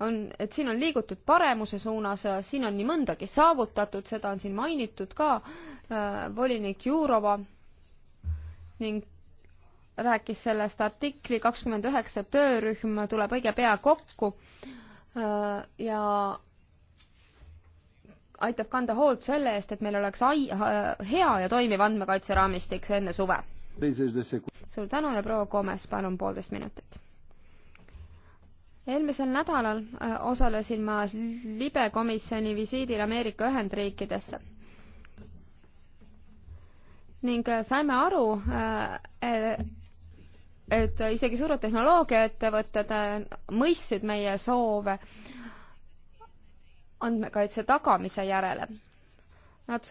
on, et siin on liigutud paremuse suunas, siin on nii mõndagi saavutatud, seda on siin mainitud ka äh, volinik Jurova ning rääkis sellest artikli kakskümmend üheksa töörühm tuleb õige pea kokku äh, ja aitab kanda hoolt selle eest, et meil oleks ai-, hea ja toimiv andmekaitseraamistik enne suve. suur tänu ja proua Komes, palun poolteist minutit eelmisel nädalal äh, osalesin ma libe komisjoni visiidil Ameerika Ühendriikidesse ning äh, saime aru, äh, e-, et isegi suured tehnoloogiaettevõtted mõistsid meie soove andmekaitse tagamise järele. Nad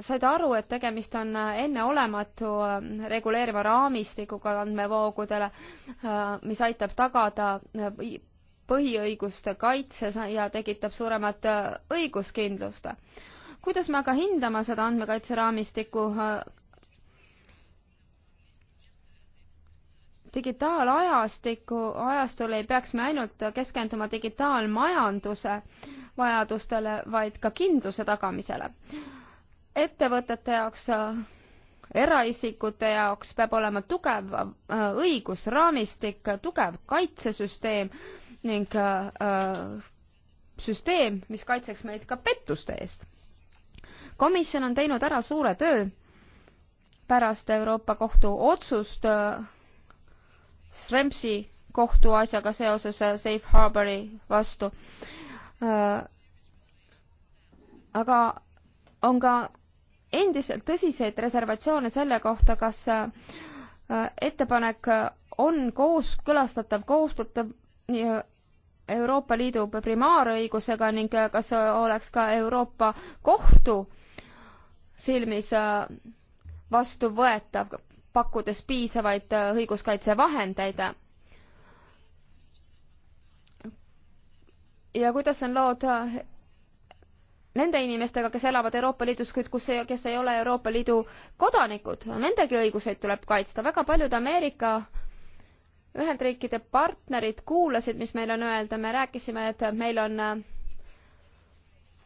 said aru, et tegemist on äh, enneolematu äh, reguleeriva raamistikuga andmevoogudele, äh, mis aitab tagada põhiõiguste kaitse ja tekitab suuremat õiguskindlust. kuidas me aga hindame seda andmekaitseraamistikku digitaalajastiku, ajastul ei peaks me ainult keskenduma digitaalmajanduse vajadustele, vaid ka kindluse tagamisele ettevõtete jaoks, eraisikute jaoks peab olema tugev äh, õigusraamistik, tugev kaitsesüsteem ning äh, äh, süsteem, mis kaitseks meid ka pettuste eest. komisjon on teinud ära suure töö pärast Euroopa Kohtu otsust Sremsi kohtuasjaga seoses Safe Harbori vastu. aga on ka endiselt tõsiseid reservatsioone selle kohta, kas äh, ettepanek on kooskõlastatav, koostatav äh, Euroopa Liidu primaarõigusega ning äh, kas oleks ka Euroopa Kohtu silmis vastuvõetav, pakkudes piisavaid õiguskaitsevahendeid. ja kuidas on lood nende inimestega, kes elavad Euroopa Liidus, kuid kus, kes ei ole Euroopa Liidu kodanikud, nendegi õiguseid tuleb kaitsta. väga paljud Ameerika Ühendriikide partnerid kuulasid, mis meil on öelda, me rääkisime, et meil on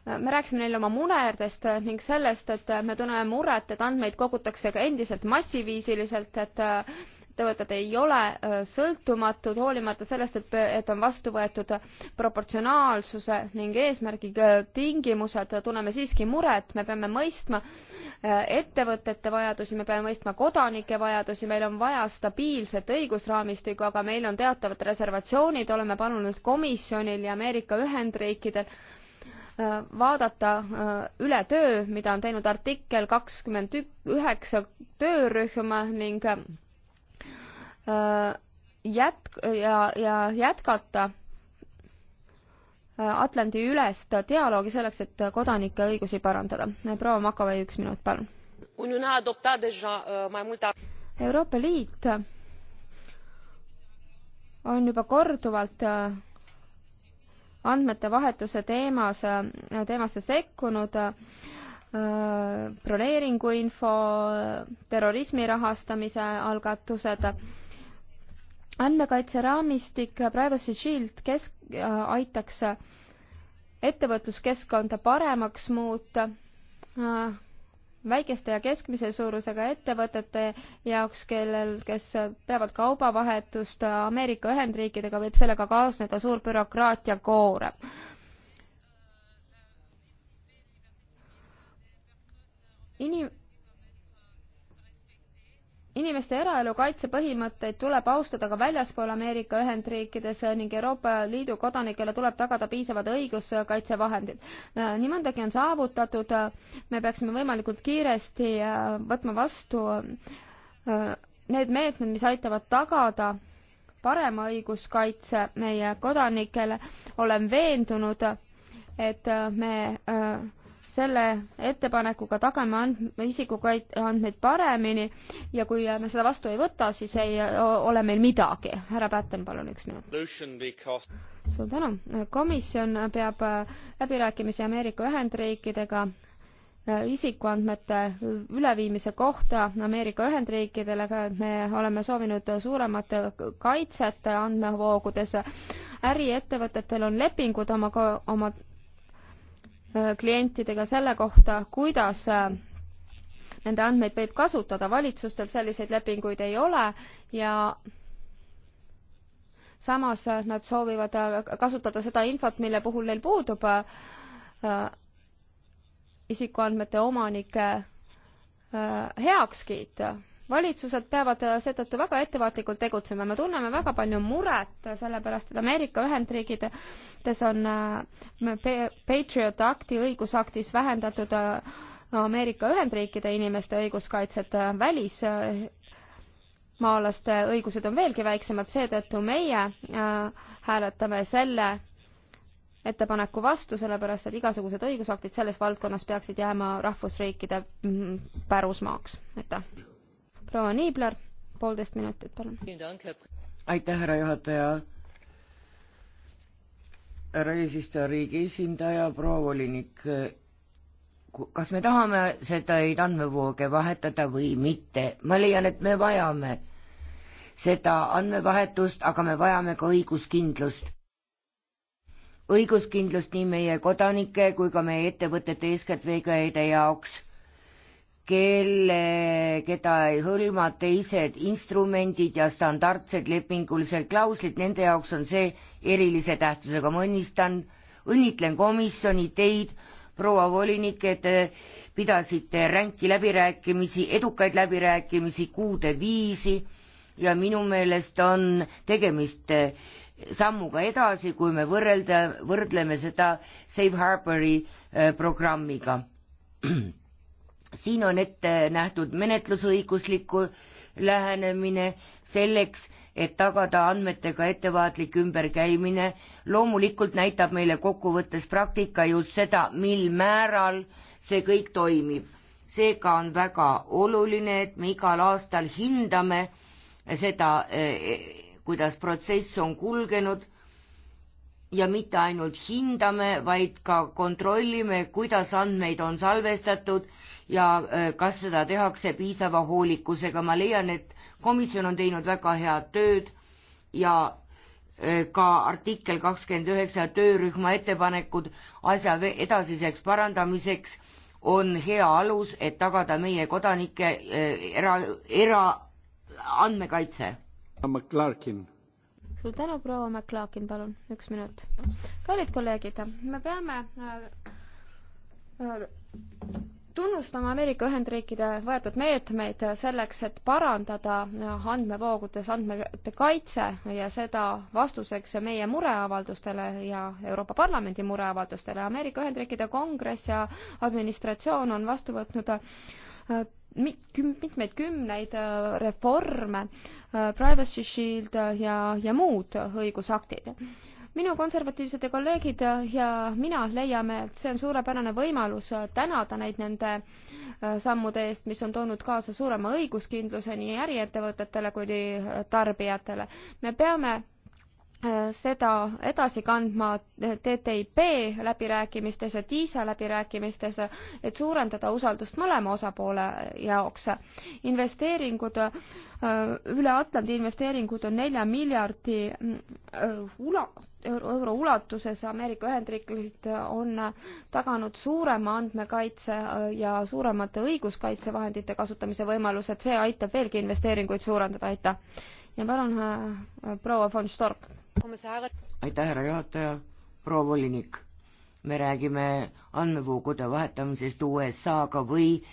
me rääkisime neile oma munerdest ning sellest, et me tunneme muret, et andmeid kogutakse ka endiselt massiviisiliselt, et ettevõtted ei ole äh, sõltumatud, hoolimata sellest, et, et on vastu võetud proportsionaalsuse ning eesmärgi äh, tingimused, tunneme siiski muret, me peame mõistma äh, ettevõtete vajadusi, me peame mõistma kodanike vajadusi, meil on vaja stabiilset õigusraamistikku, aga meil on teatavad reservatsioonid, oleme palunud komisjonil ja Ameerika Ühendriikidel vaadata üle töö, mida on teinud artikkel kakskümmend üheksa töörühm ning Äh, jätk- ja, ja jätkata äh, Atlandi ülest dialoogi selleks, et kodanike õigusi parandada. proua Makovei, üks minut, palun. Äh, Euroopa Liit on juba korduvalt andmetevahetuse teemas, teemasse sekkunud, broneeringuinfo, terrorismi rahastamise algatused andmekaitseraamistik Privacy Shield kesk-, aitaks ettevõtluskeskkonda paremaks muuta äh, väikeste ja keskmise suurusega ettevõtete jaoks, kellel, kes peavad kaubavahetust Ameerika Ühendriikidega, võib sellega kaasneda suur bürokraatia koorem. inim-, inimeste eraelu kaitse põhimõtteid tuleb austada ka väljaspool Ameerika Ühendriikides ning Euroopa Liidu kodanikele tuleb tagada piisavad õiguskaitsevahendid. Äh, nii mõndagi on saavutatud, me peaksime võimalikult kiiresti äh, võtma vastu äh, need meetmed, mis aitavad tagada parema õiguskaitse meie kodanikele. olen veendunud, et me selle ettepanekuga tagame and-, isikuandmeid paremini ja kui me seda vastu ei võta, siis ei ole meil midagi. härra Pätten, palun üks minut. suur tänu. komisjon peab äh, läbirääkimisi Ameerika Ühendriikidega äh, isikuandmete üleviimise kohta Ameerika Ühendriikidele, me oleme soovinud suuremat kaitset andmevoogudes. äriettevõtetel on lepingud oma, oma Äh, klientidega selle kohta, kuidas äh, nende andmeid võib kasutada, valitsustel selliseid lepinguid ei ole ja samas äh, nad soovivad kasutada seda infot, mille puhul neil puudub isikuandmete omanike heakskiit valitsused peavad äh, seetõttu väga ettevaatlikult tegutsema, me tunneme väga palju muret, äh, sellepärast et Ameerika Ühendriikides on äh, Patriot Acti õigusaktis vähendatud Ameerika Ühendriikide inimeste õiguskaitset välis maalaste õigused on veelgi väiksemad, seetõttu meie äh, hääletame selle ettepaneku vastu, sellepärast et igasugused õigusaktid selles valdkonnas peaksid jääma rahvusriikide mm, pärusmaaks. aitäh! proua Niibler, poolteist minutit, palun. aitäh, härra juhataja. härra eesistuja, riigi esindaja, proua volinik. kas me tahame sedaid andmevooge vahetada või mitte? ma leian, et me vajame seda andmevahetust, aga me vajame ka õiguskindlust õiguskindlust nii meie kodanike kui ka meie ettevõtete, eeskätt VKE-de jaoks kelle, keda ei hõlma teised instrumendid ja standardsed lepingulised klauslid, nende jaoks on see erilise tähtsusega, ma õnnistan, õnnitlen komisjoni teid, proua volinik, et te pidasite ränki läbirääkimisi, edukaid läbirääkimisi kuude viisi ja minu meelest on tegemist eh, sammuga edasi, kui me võrrelda, võrdleme seda Safe Harbori eh, programmiga <clears throat> siin on ette nähtud menetlusõiguslikku lähenemine selleks, et tagada andmetega ettevaatlik ümberkäimine. loomulikult näitab meile kokkuvõttes praktika just seda, mil määral see kõik toimib. seega on väga oluline, et me igal aastal hindame seda, eh, eh, kuidas protsess on kulgenud ja mitte ainult hindame, vaid ka kontrollime, kuidas andmeid on salvestatud ja äh, kas seda tehakse piisava hoolikusega. ma leian, et komisjon on teinud väga head tööd ja äh, ka artikkel kakskümmend üheksa töörühma ettepanekud asja edasiseks parandamiseks on hea alus, et tagada meie kodanike äh, era, era andmekaitse. McClarkin suur tänu, proua McLaughlin, palun, üks minut. kallid kolleegid, me peame äh, äh, tunnustama Ameerika Ühendriikide võetud meetmeid selleks, et parandada äh, andmevoogudes andmete kaitse ja seda vastuseks meie mureavaldustele ja Euroopa Parlamendi mureavaldustele. Ameerika Ühendriikide kongress ja administratsioon on vastu võtnud mitmeid kümneid äh, reforme, äh, Privacy Shield äh, ja, ja muud õigusaktid. minu konservatiivsed kolleegid ja mina leiame, et see on suurepärane võimalus tänada neid nende sammude eest, mis on toonud kaasa suurema õiguskindluse nii äriettevõtetele kui tarbijatele. me peame Äh, seda edasi kandma TTIP läbirääkimistes ja TISA läbirääkimistes, et suurendada usaldust mõlema osapoole jaoks. investeeringud, äh, üle Atlandi investeeringud on nelja miljardi äh, ula-, euro ulatuses Ameerika Ühendriigid on taganud suurema andmekaitse ja suuremate õiguskaitsevahendite kasutamise võimalused, see aitab veelgi investeeringuid suurendada, aitäh! ja palun äh, äh, proua von Stork. aitäh, härra juhataja, proua volinik. me räägime andmevoogude vahetamisest USA-ga või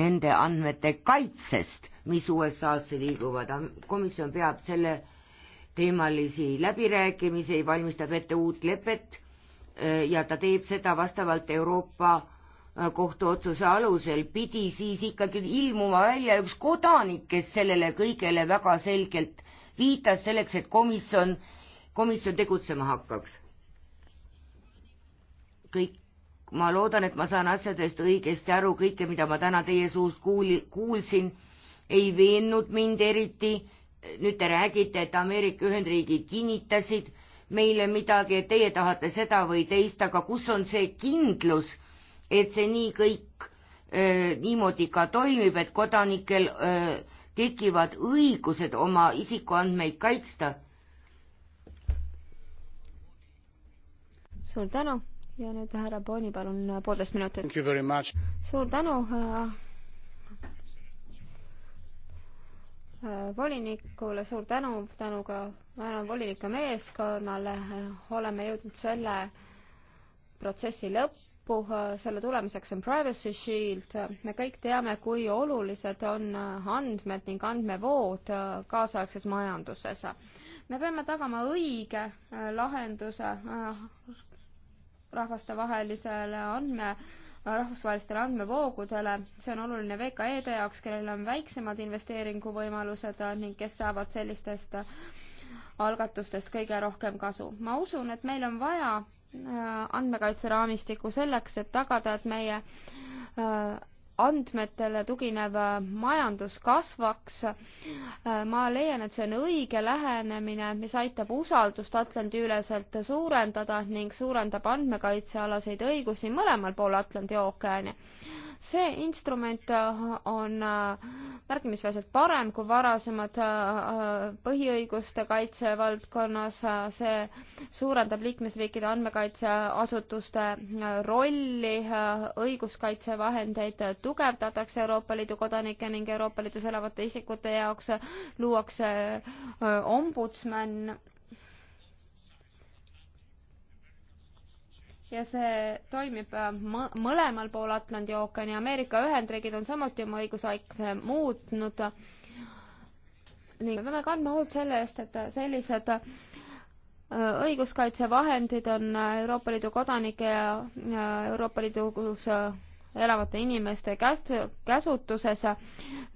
nende andmete kaitsest, mis USA-sse liiguvad. komisjon peab selle teemalisi läbirääkimisi, valmistab ette uut lepet äh, ja ta teeb seda vastavalt Euroopa kohtuotsuse alusel pidi siis ikkagi ilmuma välja üks kodanik, kes sellele kõigele väga selgelt viitas selleks, et komisjon, komisjon tegutsema hakkaks. kõik, ma loodan, et ma saan asjadest õigesti aru, kõike, mida ma täna teie suust kuuli-, kuulsin, ei veennud mind eriti, nüüd te räägite, et Ameerika Ühendriigid kinnitasid meile midagi, et teie tahate seda või teist, aga kus on see kindlus, et see nii kõik öö, niimoodi ka toimib, et kodanikel öö, tekivad õigused oma isikuandmeid kaitsta. suur tänu ja nüüd härra Boni, palun poolteist minutit. suur tänu äh,. Äh, volinikule suur tänu, tänu ka äh, volinike meeskonnale äh,, oleme jõudnud selle protsessi lõppu lõppu, äh, selle tulemuseks on Privacy Shield. me kõik teame, kui olulised on äh, andmed ning andmevood äh, kaasaegses majanduses. me peame tagama õige lahenduse rahvastevahelisele andme, rahvusvahelistele andmevoogudele, see on oluline VKE-de jaoks, kellel on väiksemad investeeringuvõimalused ning kes saavad sellistest algatustest kõige rohkem kasu. ma usun, et meil on vaja Äh, andmekaitseraamistikku selleks, et tagada, et meie äh, andmetele tuginev äh, majandus kasvaks. ma leian, et see on õige lähenemine, mis aitab usaldust Atlandi-üleselt suurendada ning suurendab andmekaitsealaseid õigusi mõlemal pool Atlandi ookeani see instrument äh, on äh, märkimisväärselt parem kui varasemad äh, põhiõiguste kaitse valdkonnas, see suurendab liikmesriikide andmekaitseasutuste rolli, õiguskaitsevahendeid tugevdatakse Euroopa Liidu kodanike ning Euroopa Liidus elavate isikute jaoks, luuakse ombudsman ja see toimib äh, mõlemal pool Atlandi ookeani. Ameerika Ühendriigid on samuti oma õigusakte muutnud ning me peame kandma hoolt selle eest, et sellised äh, õiguskaitsevahendid on Euroopa Liidu kodanike ja Euroopa Liidus äh, elavate inimeste käs-, käsutuses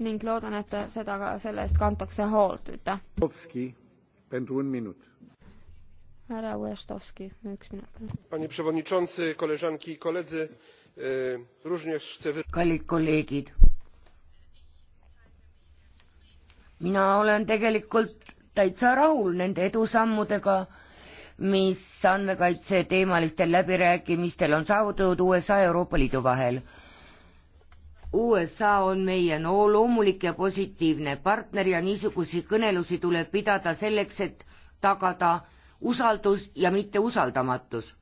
ning loodan, et seda ka, selle eest kantakse hoolt, aitäh härra Ujazdowski, üks minut. E, kallid kolleegid, mina olen tegelikult täitsa rahul nende edusammudega, mis andmekaitse teemalistel läbirääkimistel on saavutatud USA ja Euroopa Liidu vahel. USA on meie no loomulik ja positiivne partner ja niisuguseid kõnelusi tuleb pidada selleks, et tagada usaldus ja mitte usaldamatus.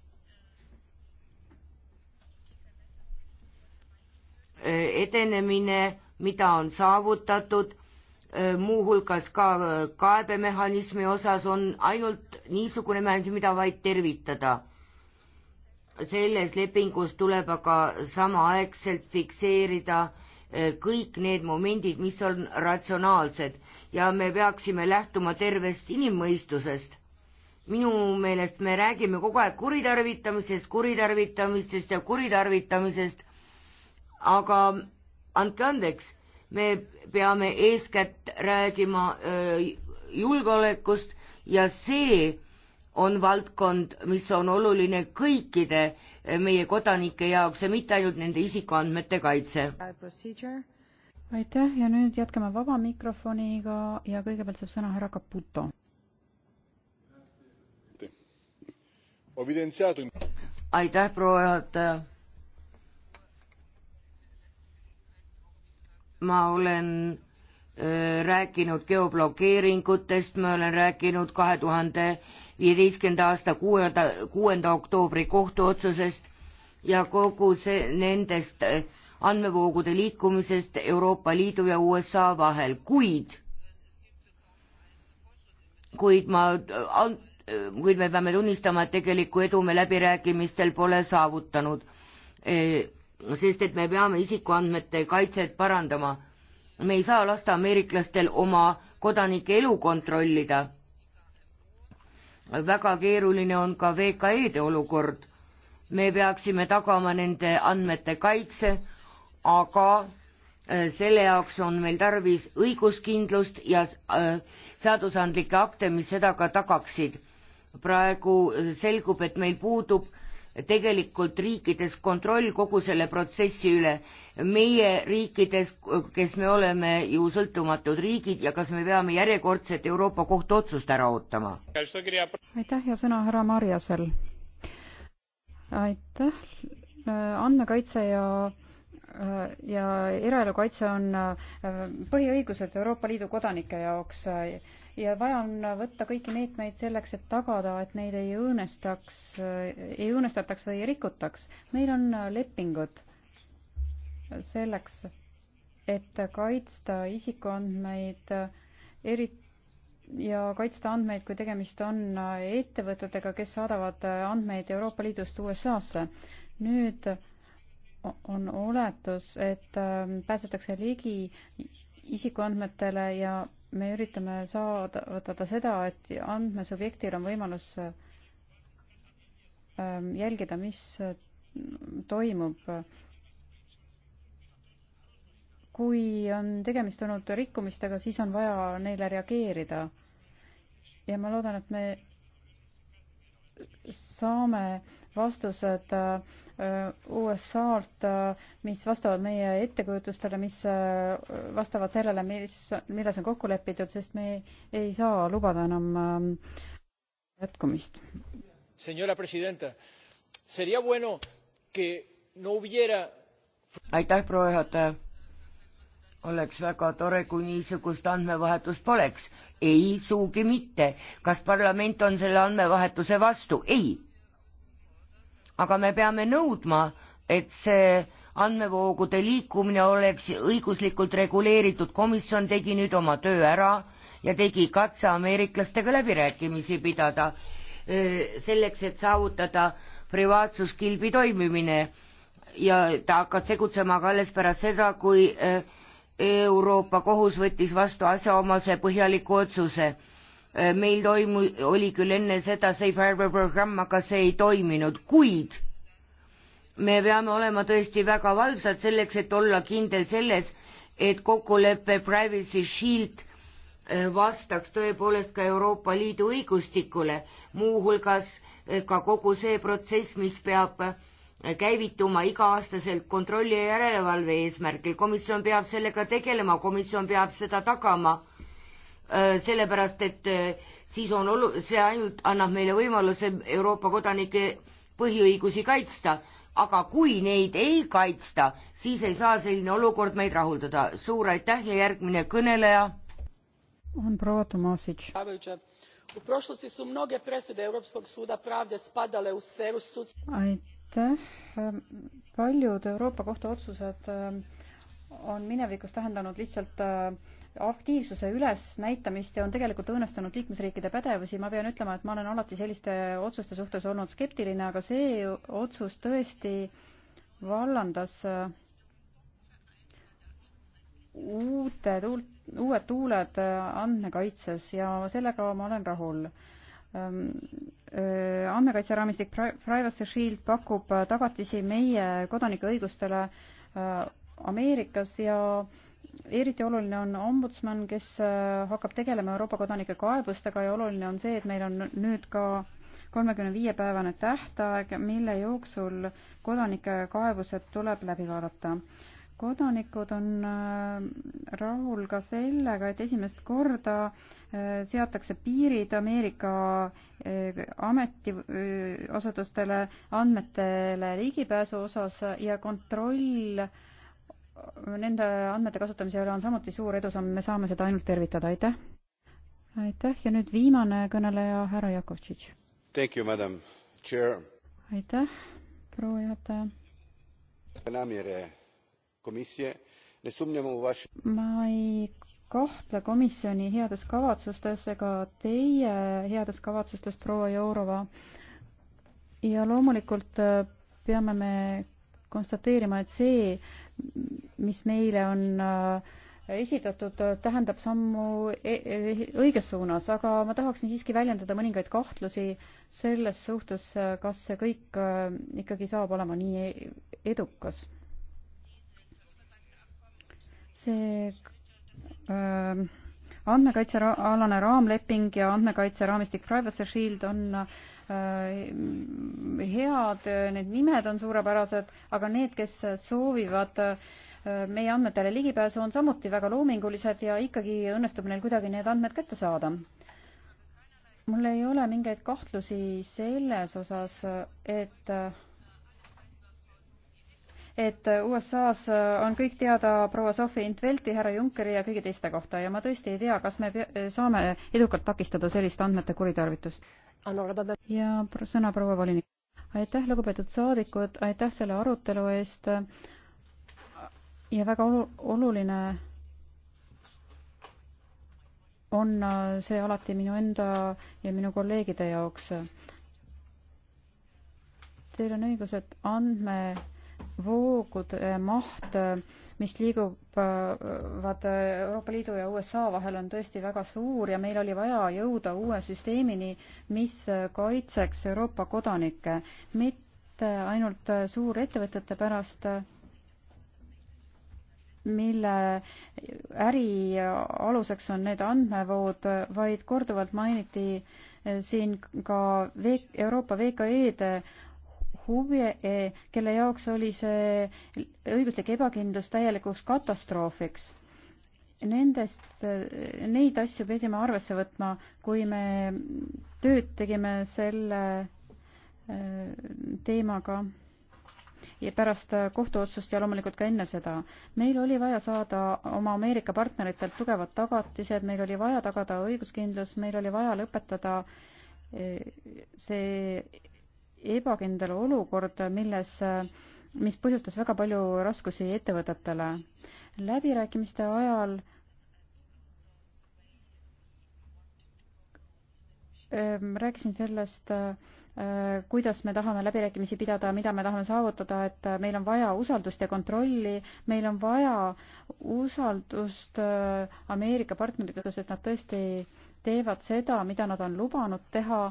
edenemine, mida on saavutatud, muuhulgas ka kaebemehhanismi osas, on ainult niisugune mehhanism, mida vaid tervitada selles lepingus tuleb aga samaaegselt fikseerida kõik need momendid, mis on ratsionaalsed ja me peaksime lähtuma tervest inimmõistusest minu meelest me räägime kogu aeg kuritarvitamisest, kuritarvitamisest ja kuritarvitamisest, aga andke andeks, me peame eeskätt räägima öö, äh, julgeolekust ja see on valdkond, mis on oluline kõikide äh, meie kodanike jaoks ja mitte ainult nende isikuandmete kaitse. aitäh ja nüüd jätkame vaba mikrofoniga ja kõigepealt saab sõna härra Caputo aitäh, proua juhataja. ma olen äh, rääkinud geoblokeeringutest, ma olen rääkinud kahe tuhande viieteistkümnenda aasta kuuenda, kuuenda oktoobri kohtuotsusest ja kogu see, nendest äh, andmevoogude liikumisest Euroopa Liidu ja USA vahel, kuid, kuid ma äh, kuid me peame tunnistama, et tegelikku edu me läbirääkimistel pole saavutanud. E, sest et me peame isikuandmete kaitset parandama. me ei saa lasta ameeriklastel oma kodanike elu kontrollida. väga keeruline on ka VKE-de olukord. me peaksime tagama nende andmete kaitse, aga e, selle jaoks on meil tarvis õiguskindlust ja e, seadusandlikke akte, mis seda ka tagaksid praegu selgub, et meil puudub tegelikult riikides kontroll kogu selle protsessi üle. meie riikides, kes me oleme ju sõltumatud riigid ja kas me peame järjekordset Euroopa Kohtu otsust ära ootama? aitäh ja sõna härra Marjasel. aitäh, andmekaitse ja ja eraelu kaitse on äh, põhiõigused Euroopa Liidu kodanike jaoks ja vaja on võtta kõiki meetmeid selleks, et tagada, et neid ei õõnestaks, ei õõnestataks või ei rikutaks. meil on lepingud selleks, et kaitsta isikuandmeid eri- ja kaitsta andmeid, kui tegemist on ettevõtetega, kes saadavad andmeid Euroopa Liidust USA-sse. nüüd on oletus, et ähm, pääsetakse ligi isikuandmetele ja me üritame saada, võtada seda, et andmesubjektil on võimalus ähm, jälgida, mis toimub. kui on tegemist olnud rikkumistega, siis on vaja neile reageerida. ja ma loodan, et me saame vastused äh, USA-lt, äh, mis vastavad meie ettekujutustele, mis äh, vastavad sellele, mis, milles on kokku lepitud, sest me ei, ei saa lubada enam jätkumist. aitäh, proua juhataja oleks väga tore, kui niisugust andmevahetust poleks. ei, sugugi mitte. kas parlament on selle andmevahetuse vastu? ei aga me peame nõudma, et see andmevoogude liikumine oleks õiguslikult reguleeritud, komisjon tegi nüüd oma töö ära ja tegi katse ameeriklastega läbirääkimisi pidada, selleks, et saavutada privaatsuskilbi toimimine ja ta hakkas tegutsema ka alles pärast seda, kui Euroopa Kohus võttis vastu asjaomase põhjaliku otsuse Äh, meil toimu-, oli küll enne seda Safe Harbor programm, aga see ei toiminud, kuid me peame olema tõesti väga valvsad selleks, et olla kindel selles, et kokkulepe Privacy Shield äh, vastaks tõepoolest ka Euroopa Liidu õigustikule, muuhulgas äh, ka kogu see protsess, mis peab käivituma iga-aastaselt kontrolli ja järelevalve eesmärgil, komisjon peab sellega tegelema, komisjon peab seda tagama Äh, sellepärast et äh, siis on olu-, see ainult annab meile võimaluse Euroopa kodanike põhiõigusi kaitsta, aga kui neid ei kaitsta, siis ei saa selline olukord meid rahuldada. suur aitäh ja järgmine kõneleja on proua Tomasić u prošlosti su mnoge presude europskog suda pravde spadale u sferu sudstva aitäh ähm, paljud euroopa kohtu otsused ähm, on minevikus tähendanud lihtsalt äh, aktiivsuse ülesnäitamist ja on tegelikult õõnestanud liikmesriikide pädevusi. ma pean ütlema, et ma olen alati selliste otsuste suhtes olnud skeptiline, aga see otsus tõesti vallandas äh, uute tuult, uued tuuled äh, andmekaitses ja sellega ma olen rahul. Ähm, äh, andmekaitseraamistik Privacy Shield pakub tagatisi meie kodanike õigustele Ameerikas ja äh, eriti oluline on ombudsman, kes äh, hakkab tegelema Euroopa kodanike kaebustega ja oluline on see, et meil on nüüd ka kolmekümne viie päevane tähtaeg, mille jooksul kodanike kaebused tuleb läbi vaadata. kodanikud on äh, rahul ka sellega, et esimest korda äh, seatakse piirid Ameerika ametiasutustele andmetele ligipääsu osas ja kontroll äh, nende andmete kasutamise üle on samuti suur edusamm, me saame seda ainult tervitada, aitäh. aitäh ja nüüd viimane kõneleja, härra Jakovtšitš. aitäh, proua juhataja. ma ei kahtle komisjoni heades kavatsustes ega teie heades kavatsustes, proua Jourova. ja loomulikult äh, peame me konstateerima, et see mis meile on äh, esitatud, tähendab sammu e-, e-, õiges suunas, aga ma tahaksin siiski väljendada mõningaid kahtlusi selles suhtes, kas see kõik äh, ikkagi saab olema nii edukas. see äh, andmekaitsealane raamleping ja andmekaitse raamistik Privacy Shield on äh, Äh, head, äh, need nimed on suurepärased, aga need, kes soovivad äh, meie andmetele ligipääsu, on samuti väga loomingulised ja ikkagi õnnestub neil kuidagi need andmed kätte saada. mul ei ole mingeid kahtlusi selles osas, et et USA-s äh, on kõik teada proua Sophie Intvelti, härra Junckeri ja kõigi teiste kohta ja ma tõesti ei tea, kas me saame edukalt takistada sellist andmete kuritarvitust. ja sõna proua volinik. aitäh, lugupeetud saadikud, aitäh selle arutelu eest ja väga oluline on äh, see alati minu enda ja minu kolleegide jaoks. Teil on õigus, et andme voogude maht, mis liiguvad Euroopa Liidu ja USA vahel, on tõesti väga suur ja meil oli vaja jõuda uue süsteemini, mis kaitseks Euroopa kodanikke, mitte ainult suurettevõtete pärast, mille äri aluseks on need andmevood, vaid korduvalt mainiti siin ka Euroopa VKE-de huvi, e, kelle jaoks oli see õiguslik ebakindlus täielikuks katastroofiks. Nendest, e, neid asju pidime arvesse võtma, kui me tööd tegime selle e, teemaga ja pärast kohtuotsust ja loomulikult ka enne seda. meil oli vaja saada oma Ameerika partneritelt tugevad tagatised, meil oli vaja tagada õiguskindlus, meil oli vaja lõpetada see ebakindel olukord, milles, mis põhjustas väga palju raskusi ettevõtetele. läbirääkimiste ajal ähm, rääkisin sellest, äh, kuidas me tahame läbirääkimisi pidada, mida me tahame saavutada, et meil on vaja usaldust ja kontrolli, meil on vaja usaldust äh, Ameerika partnerite osas, et nad tõesti teevad seda, mida nad on lubanud teha,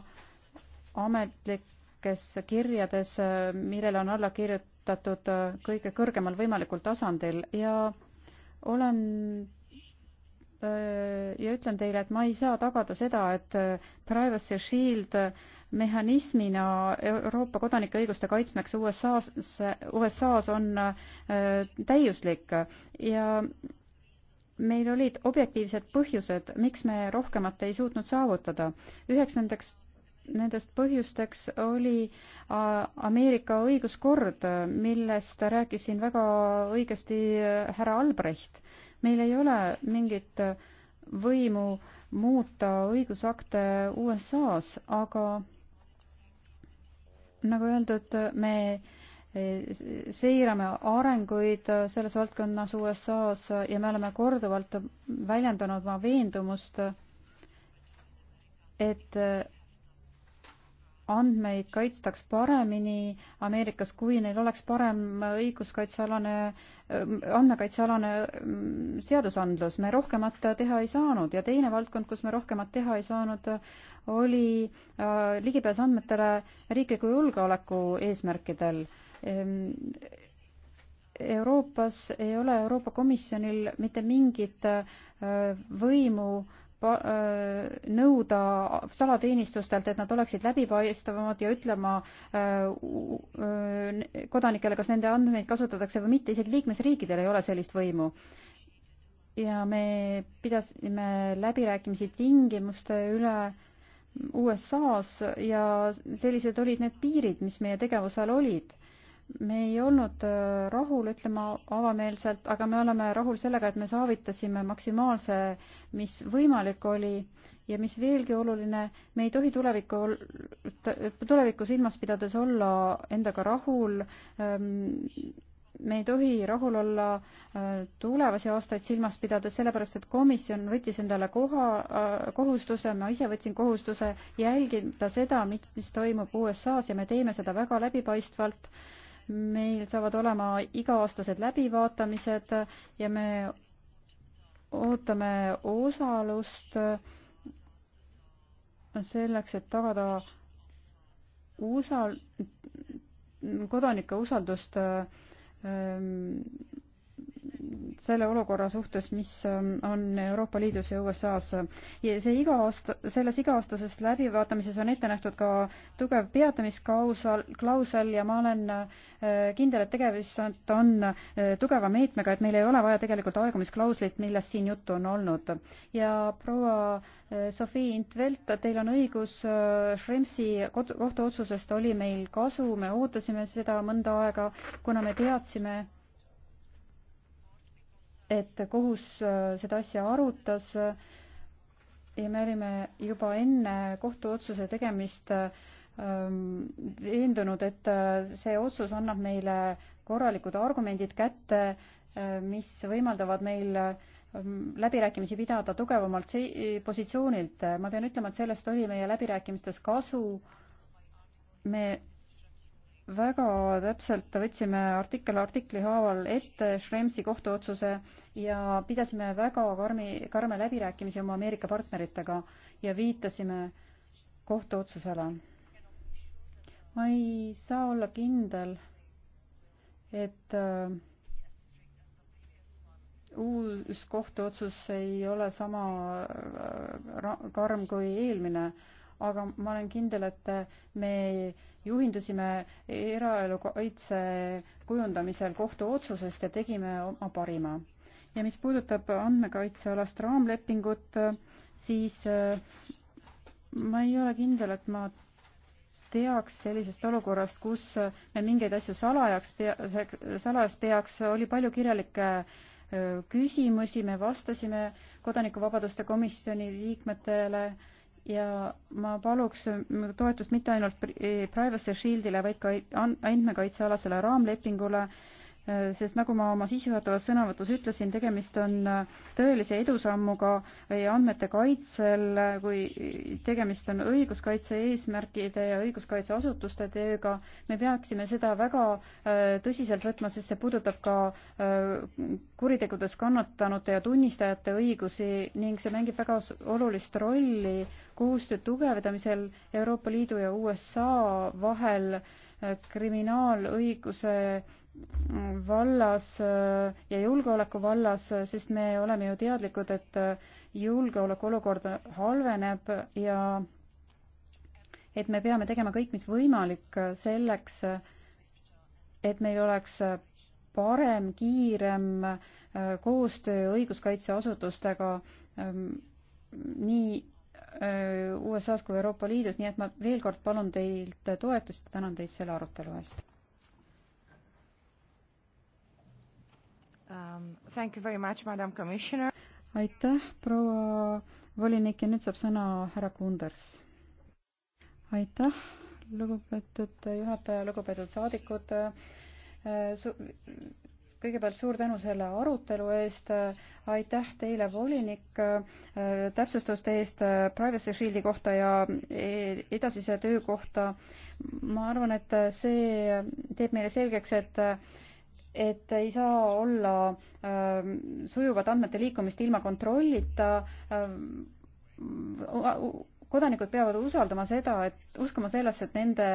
ametlik kes kirjades, millele on alla kirjutatud kõige kõrgemal võimalikul tasandil ja olen äh, ja ütlen teile, et ma ei saa tagada seda, et Privacy Shield mehhanismina Euroopa kodanike õiguste kaitsmeks USA-s, USA-s on äh, täiuslik ja meil olid objektiivsed põhjused, miks me rohkemat ei suutnud saavutada. üheks nendeks nendest põhjusteks oli äh, Ameerika õiguskord, millest rääkis siin väga õigesti äh, härra Albrecht. meil ei ole mingit võimu muuta õigusakte USA-s, aga nagu öeldud, me äh, seirame arenguid selles valdkonnas USA-s ja me oleme korduvalt väljendanud oma veendumust, et andmeid kaitstaks paremini Ameerikas, kui neil oleks parem õiguskaitsealane, ähm, andmekaitsealane ähm, seadusandlus. me rohkemat teha ei saanud ja teine valdkond, kus me rohkemat teha ei saanud, oli äh, ligipääs andmetele riikliku julgeoleku eesmärkidel. Ähm, Euroopas ei ole Euroopa Komisjonil mitte mingit äh, võimu Äh, nõuda salateenistustelt, et nad oleksid läbipaistvamad ja ütlema äh, äh, kodanikele, kas nende andmeid kasutatakse või mitte, isegi liikmesriikidel ei ole sellist võimu. ja me pidasime läbirääkimisi tingimuste üle USA-s ja sellised olid need piirid, mis meie tegevuse all olid me ei olnud äh, rahul, ütleme avameelselt, aga me oleme rahul sellega, et me saavutasime maksimaalse, mis võimalik oli ja mis veelgi oluline, me ei tohi tulevikku, tulevikku silmas pidades olla endaga rahul. Ähm, me ei tohi rahul olla äh, tulevasi aastaid silmas pidades, sellepärast et komisjon võttis endale koha, äh, kohustuse, ma ise võtsin kohustuse jälgida seda, mis toimub USA-s ja me teeme seda väga läbipaistvalt meil saavad olema iga-aastased läbivaatamised ja me ootame osalust selleks, et tagada usal-, kodanike usaldust ähm, selle olukorra suhtes, mis ähm, on Euroopa Liidus ja USA-s. see iga aasta, selles iga-aastases läbivaatamises on ette nähtud ka tugev peatamisklausel, klausel ja ma olen äh, kindel, et tegemist on äh, tugeva meetmega, et meil ei ole vaja tegelikult aegumisklauslit, millest siin juttu on olnud. ja proua äh, Sophie Intvelt, teil on õigus, Schrems'i kohtuotsusest oli meil kasu, me ootasime seda mõnda aega, kuna me teadsime, et kohus äh, seda asja arutas äh, ja me olime juba enne kohtuotsuse tegemist ähm, veendunud, et äh, see otsus annab meile korralikud argumendid kätte, mis võimaldavad meil läbirääkimisi pidada tugevamalt positsioonilt. ma pean ütlema, et sellest oli meie läbirääkimistes kasu. me väga täpselt võtsime artikkel artikli haaval ette Schrems'i kohtuotsuse ja pidasime väga karmi, karme läbirääkimisi oma Ameerika partneritega ja viitasime kohtuotsusele. ma ei saa olla kindel, et äh, uus kohtuotsus ei ole sama äh, karm kui eelmine aga ma olen kindel, et me juhindusime eraelu kaitse kujundamisel kohtuotsusest ja tegime oma parima. ja mis puudutab andmekaitsealast raamlepingut, siis äh, ma ei ole kindel, et ma teaks sellisest olukorrast, kus me mingeid asju salajaks pea, salajas peaks, oli palju kirjalikke äh, küsimusi, me vastasime kodanikuvabaduste komisjoni liikmetele äh, ja ma paluks toetust mitte ainult Privacy Shieldile, vaid ka andmekaitsealasele raamlepingule Äh, sest nagu ma oma sissejuhatavas sõnavõtus ütlesin, tegemist on äh, tõelise edusammuga andmete kaitsel, äh, kui tegemist on õiguskaitse eesmärkide ja õiguskaitseasutuste tööga. me peaksime seda väga tõsiselt võtma, sest see puudutab ka kuritegudes kannatanute ja tunnistajate õigusi ning see mängib väga olulist rolli koostöö tugevdamisel Euroopa Liidu ja USA vahel kriminaalõiguse vallas äh, ja julgeoleku vallas, äh, sest me oleme ju teadlikud, et äh, julgeolekuolukord halveneb ja et me peame tegema kõik, mis võimalik selleks, et meil oleks parem, kiirem koostöö õiguskaitseasutustega ähm, nii USA-s kui Euroopa Liidus, nii et ma veel kord palun teilt toetust ja tänan teid selle arutelu eest. um,. Thank you very much, madam commissioner. aitäh, proua volinik ja nüüd saab sõna härra Kunders. aitäh, lugupeetud juhataja, lugupeetud saadikud äh, su-, kõigepealt suur tänu selle arutelu eest, aitäh teile, volinik, äh, täpsustuste eest äh, Privacy Shieldi kohta ja edasise töö kohta. ma arvan, et see teeb meile selgeks, et et ei saa olla äh, sujuvat andmete liikumist ilma kontrollita äh,. kodanikud peavad usaldama seda, et uskuma sellesse, et nende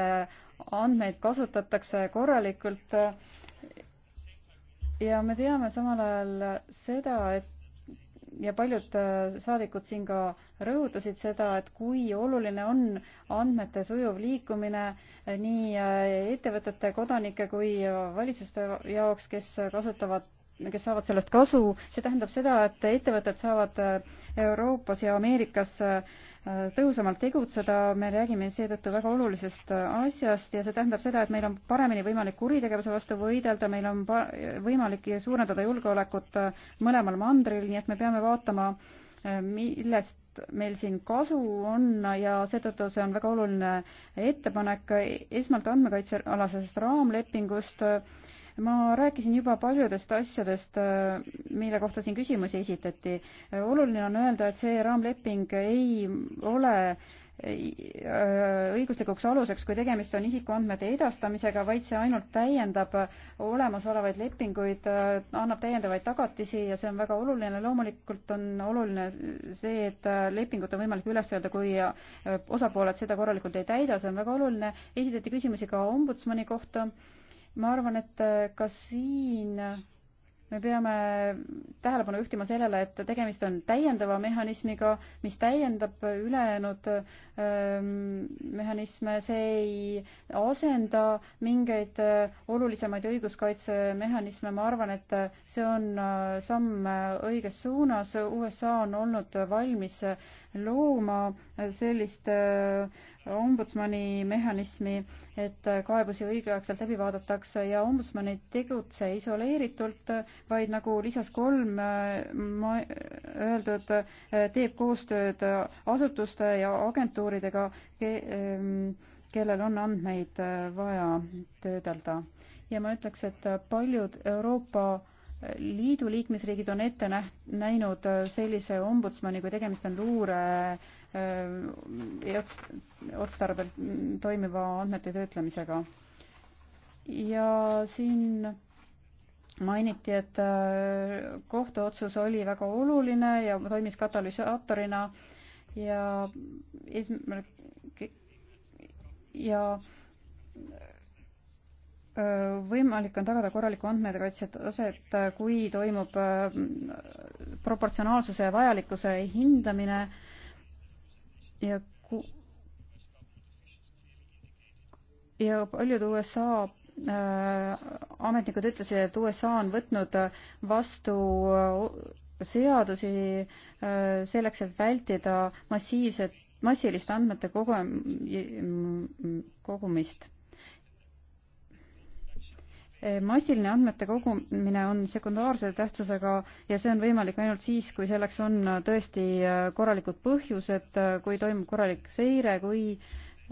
andmeid kasutatakse korralikult. ja me teame samal ajal seda, et ja paljud äh, saadikud siin ka rõhutasid seda, et kui oluline on andmete sujuv liikumine äh, nii äh, ettevõtete, kodanike kui valitsuste jaoks, kes kasutavad kes saavad sellest kasu, see tähendab seda, et ettevõtted saavad Euroopas ja Ameerikas äh, tõhusamalt tegutseda, me räägime seetõttu väga olulisest äh, asjast ja see tähendab seda, et meil on paremini võimalik kuritegevuse vastu võidelda, meil on võimalik suurendada julgeolekut äh, mõlemal mandril, nii et me peame vaatama, äh, millest meil siin kasu on ja seetõttu see on väga oluline ettepanek esmalt andmekaitsealasest raamlepingust ma rääkisin juba paljudest asjadest, äh, mille kohta siin küsimusi esitati. Äh, oluline on öelda, et see raamleping ei ole äh, õiguslikuks aluseks, kui tegemist on isikuandmete edastamisega, vaid see ainult täiendab olemasolevaid lepinguid, annab täiendavaid tagatisi ja see on väga oluline. loomulikult on oluline see, et lepingut on võimalik üles öelda, kui osapooled seda korralikult ei täida, see on väga oluline. esitati küsimusi ka ombudsmani kohta ma arvan, et äh, ka siin me peame tähelepanu juhtima sellele, et tegemist on täiendava mehhanismiga, mis täiendab ülejäänud ähm, mehhanisme, see ei asenda mingeid äh, olulisemaid õiguskaitsemehhanisme, ma arvan, et äh, see on samm õiges suunas, USA on olnud valmis looma sellist äh, ombudsmani mehhanismi, et äh, kaebusi õigeaegselt läbi vaadatakse ja ombudsman ei tegutse isoleeritult, vaid nagu lisas kolm äh, ma öeldud, teeb koostööd asutuste ja agentuuridega, ähm, kellel on andmeid vaja töödelda. ja ma ütleks, et paljud Euroopa liidu liikmesriigid on ette näht-, näinud sellise ombudsmani, kui tegemist on luure äh, otstarbel toimiva andmete töötlemisega. ja siin mainiti, et äh, kohtuotsus oli väga oluline ja toimis katalüsaatorina ja eesmärk ja võimalik on tagada korralikku andmekaitse taset, äh, kui toimub äh, proportsionaalsuse ja vajalikkuse hindamine ja ku-, ja paljud USA äh, ametnikud ütlesid, et USA on võtnud vastu seadusi selleks, et vältida massiivset, massilist andmete kogum-, kogumist Eh, massiline andmete kogumine on sekundaarse tähtsusega ja see on võimalik ainult siis, kui selleks on äh, tõesti äh, korralikud põhjused, äh, kui toimub korralik seire, kui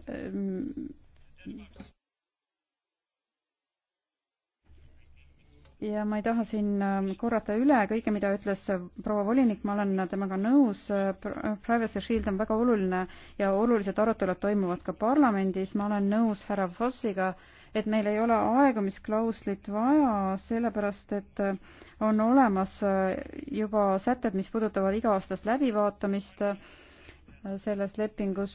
ähm, ja ma ei taha siin ähm, korrata üle kõike, mida ütles proua volinik, ma olen temaga nõus, Privacy Shield on väga oluline ja olulised arutelud toimuvad ka parlamendis, ma olen nõus härra Fossiga äh, et meil ei ole aegumisklauslit vaja, sellepärast et äh, on olemas äh, juba sätted, mis puudutavad iga-aastast läbivaatamist äh, selles lepingus.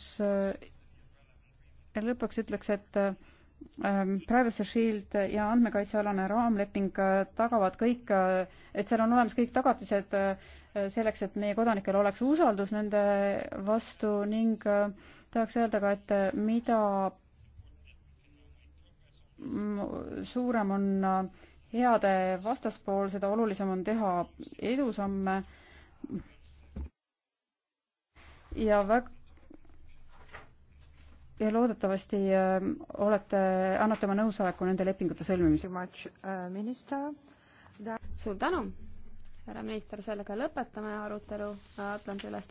lõpuks ütleks, et ähm, Privacy Shield ja andmekaitsealane raamleping tagavad kõik, et seal on olemas kõik tagatised selleks, et meie kodanikel oleks usaldus nende vastu ning tahaks öelda ka, et mida suurem on äh, heade vastaspool, seda olulisem on teha edusamme. ja väga ja loodetavasti äh, olete, annate oma nõusoleku nende lepingute sõlmimisel. Äh, suur tänu, härra minister, sellega lõpetame arutelu Atlandi üles.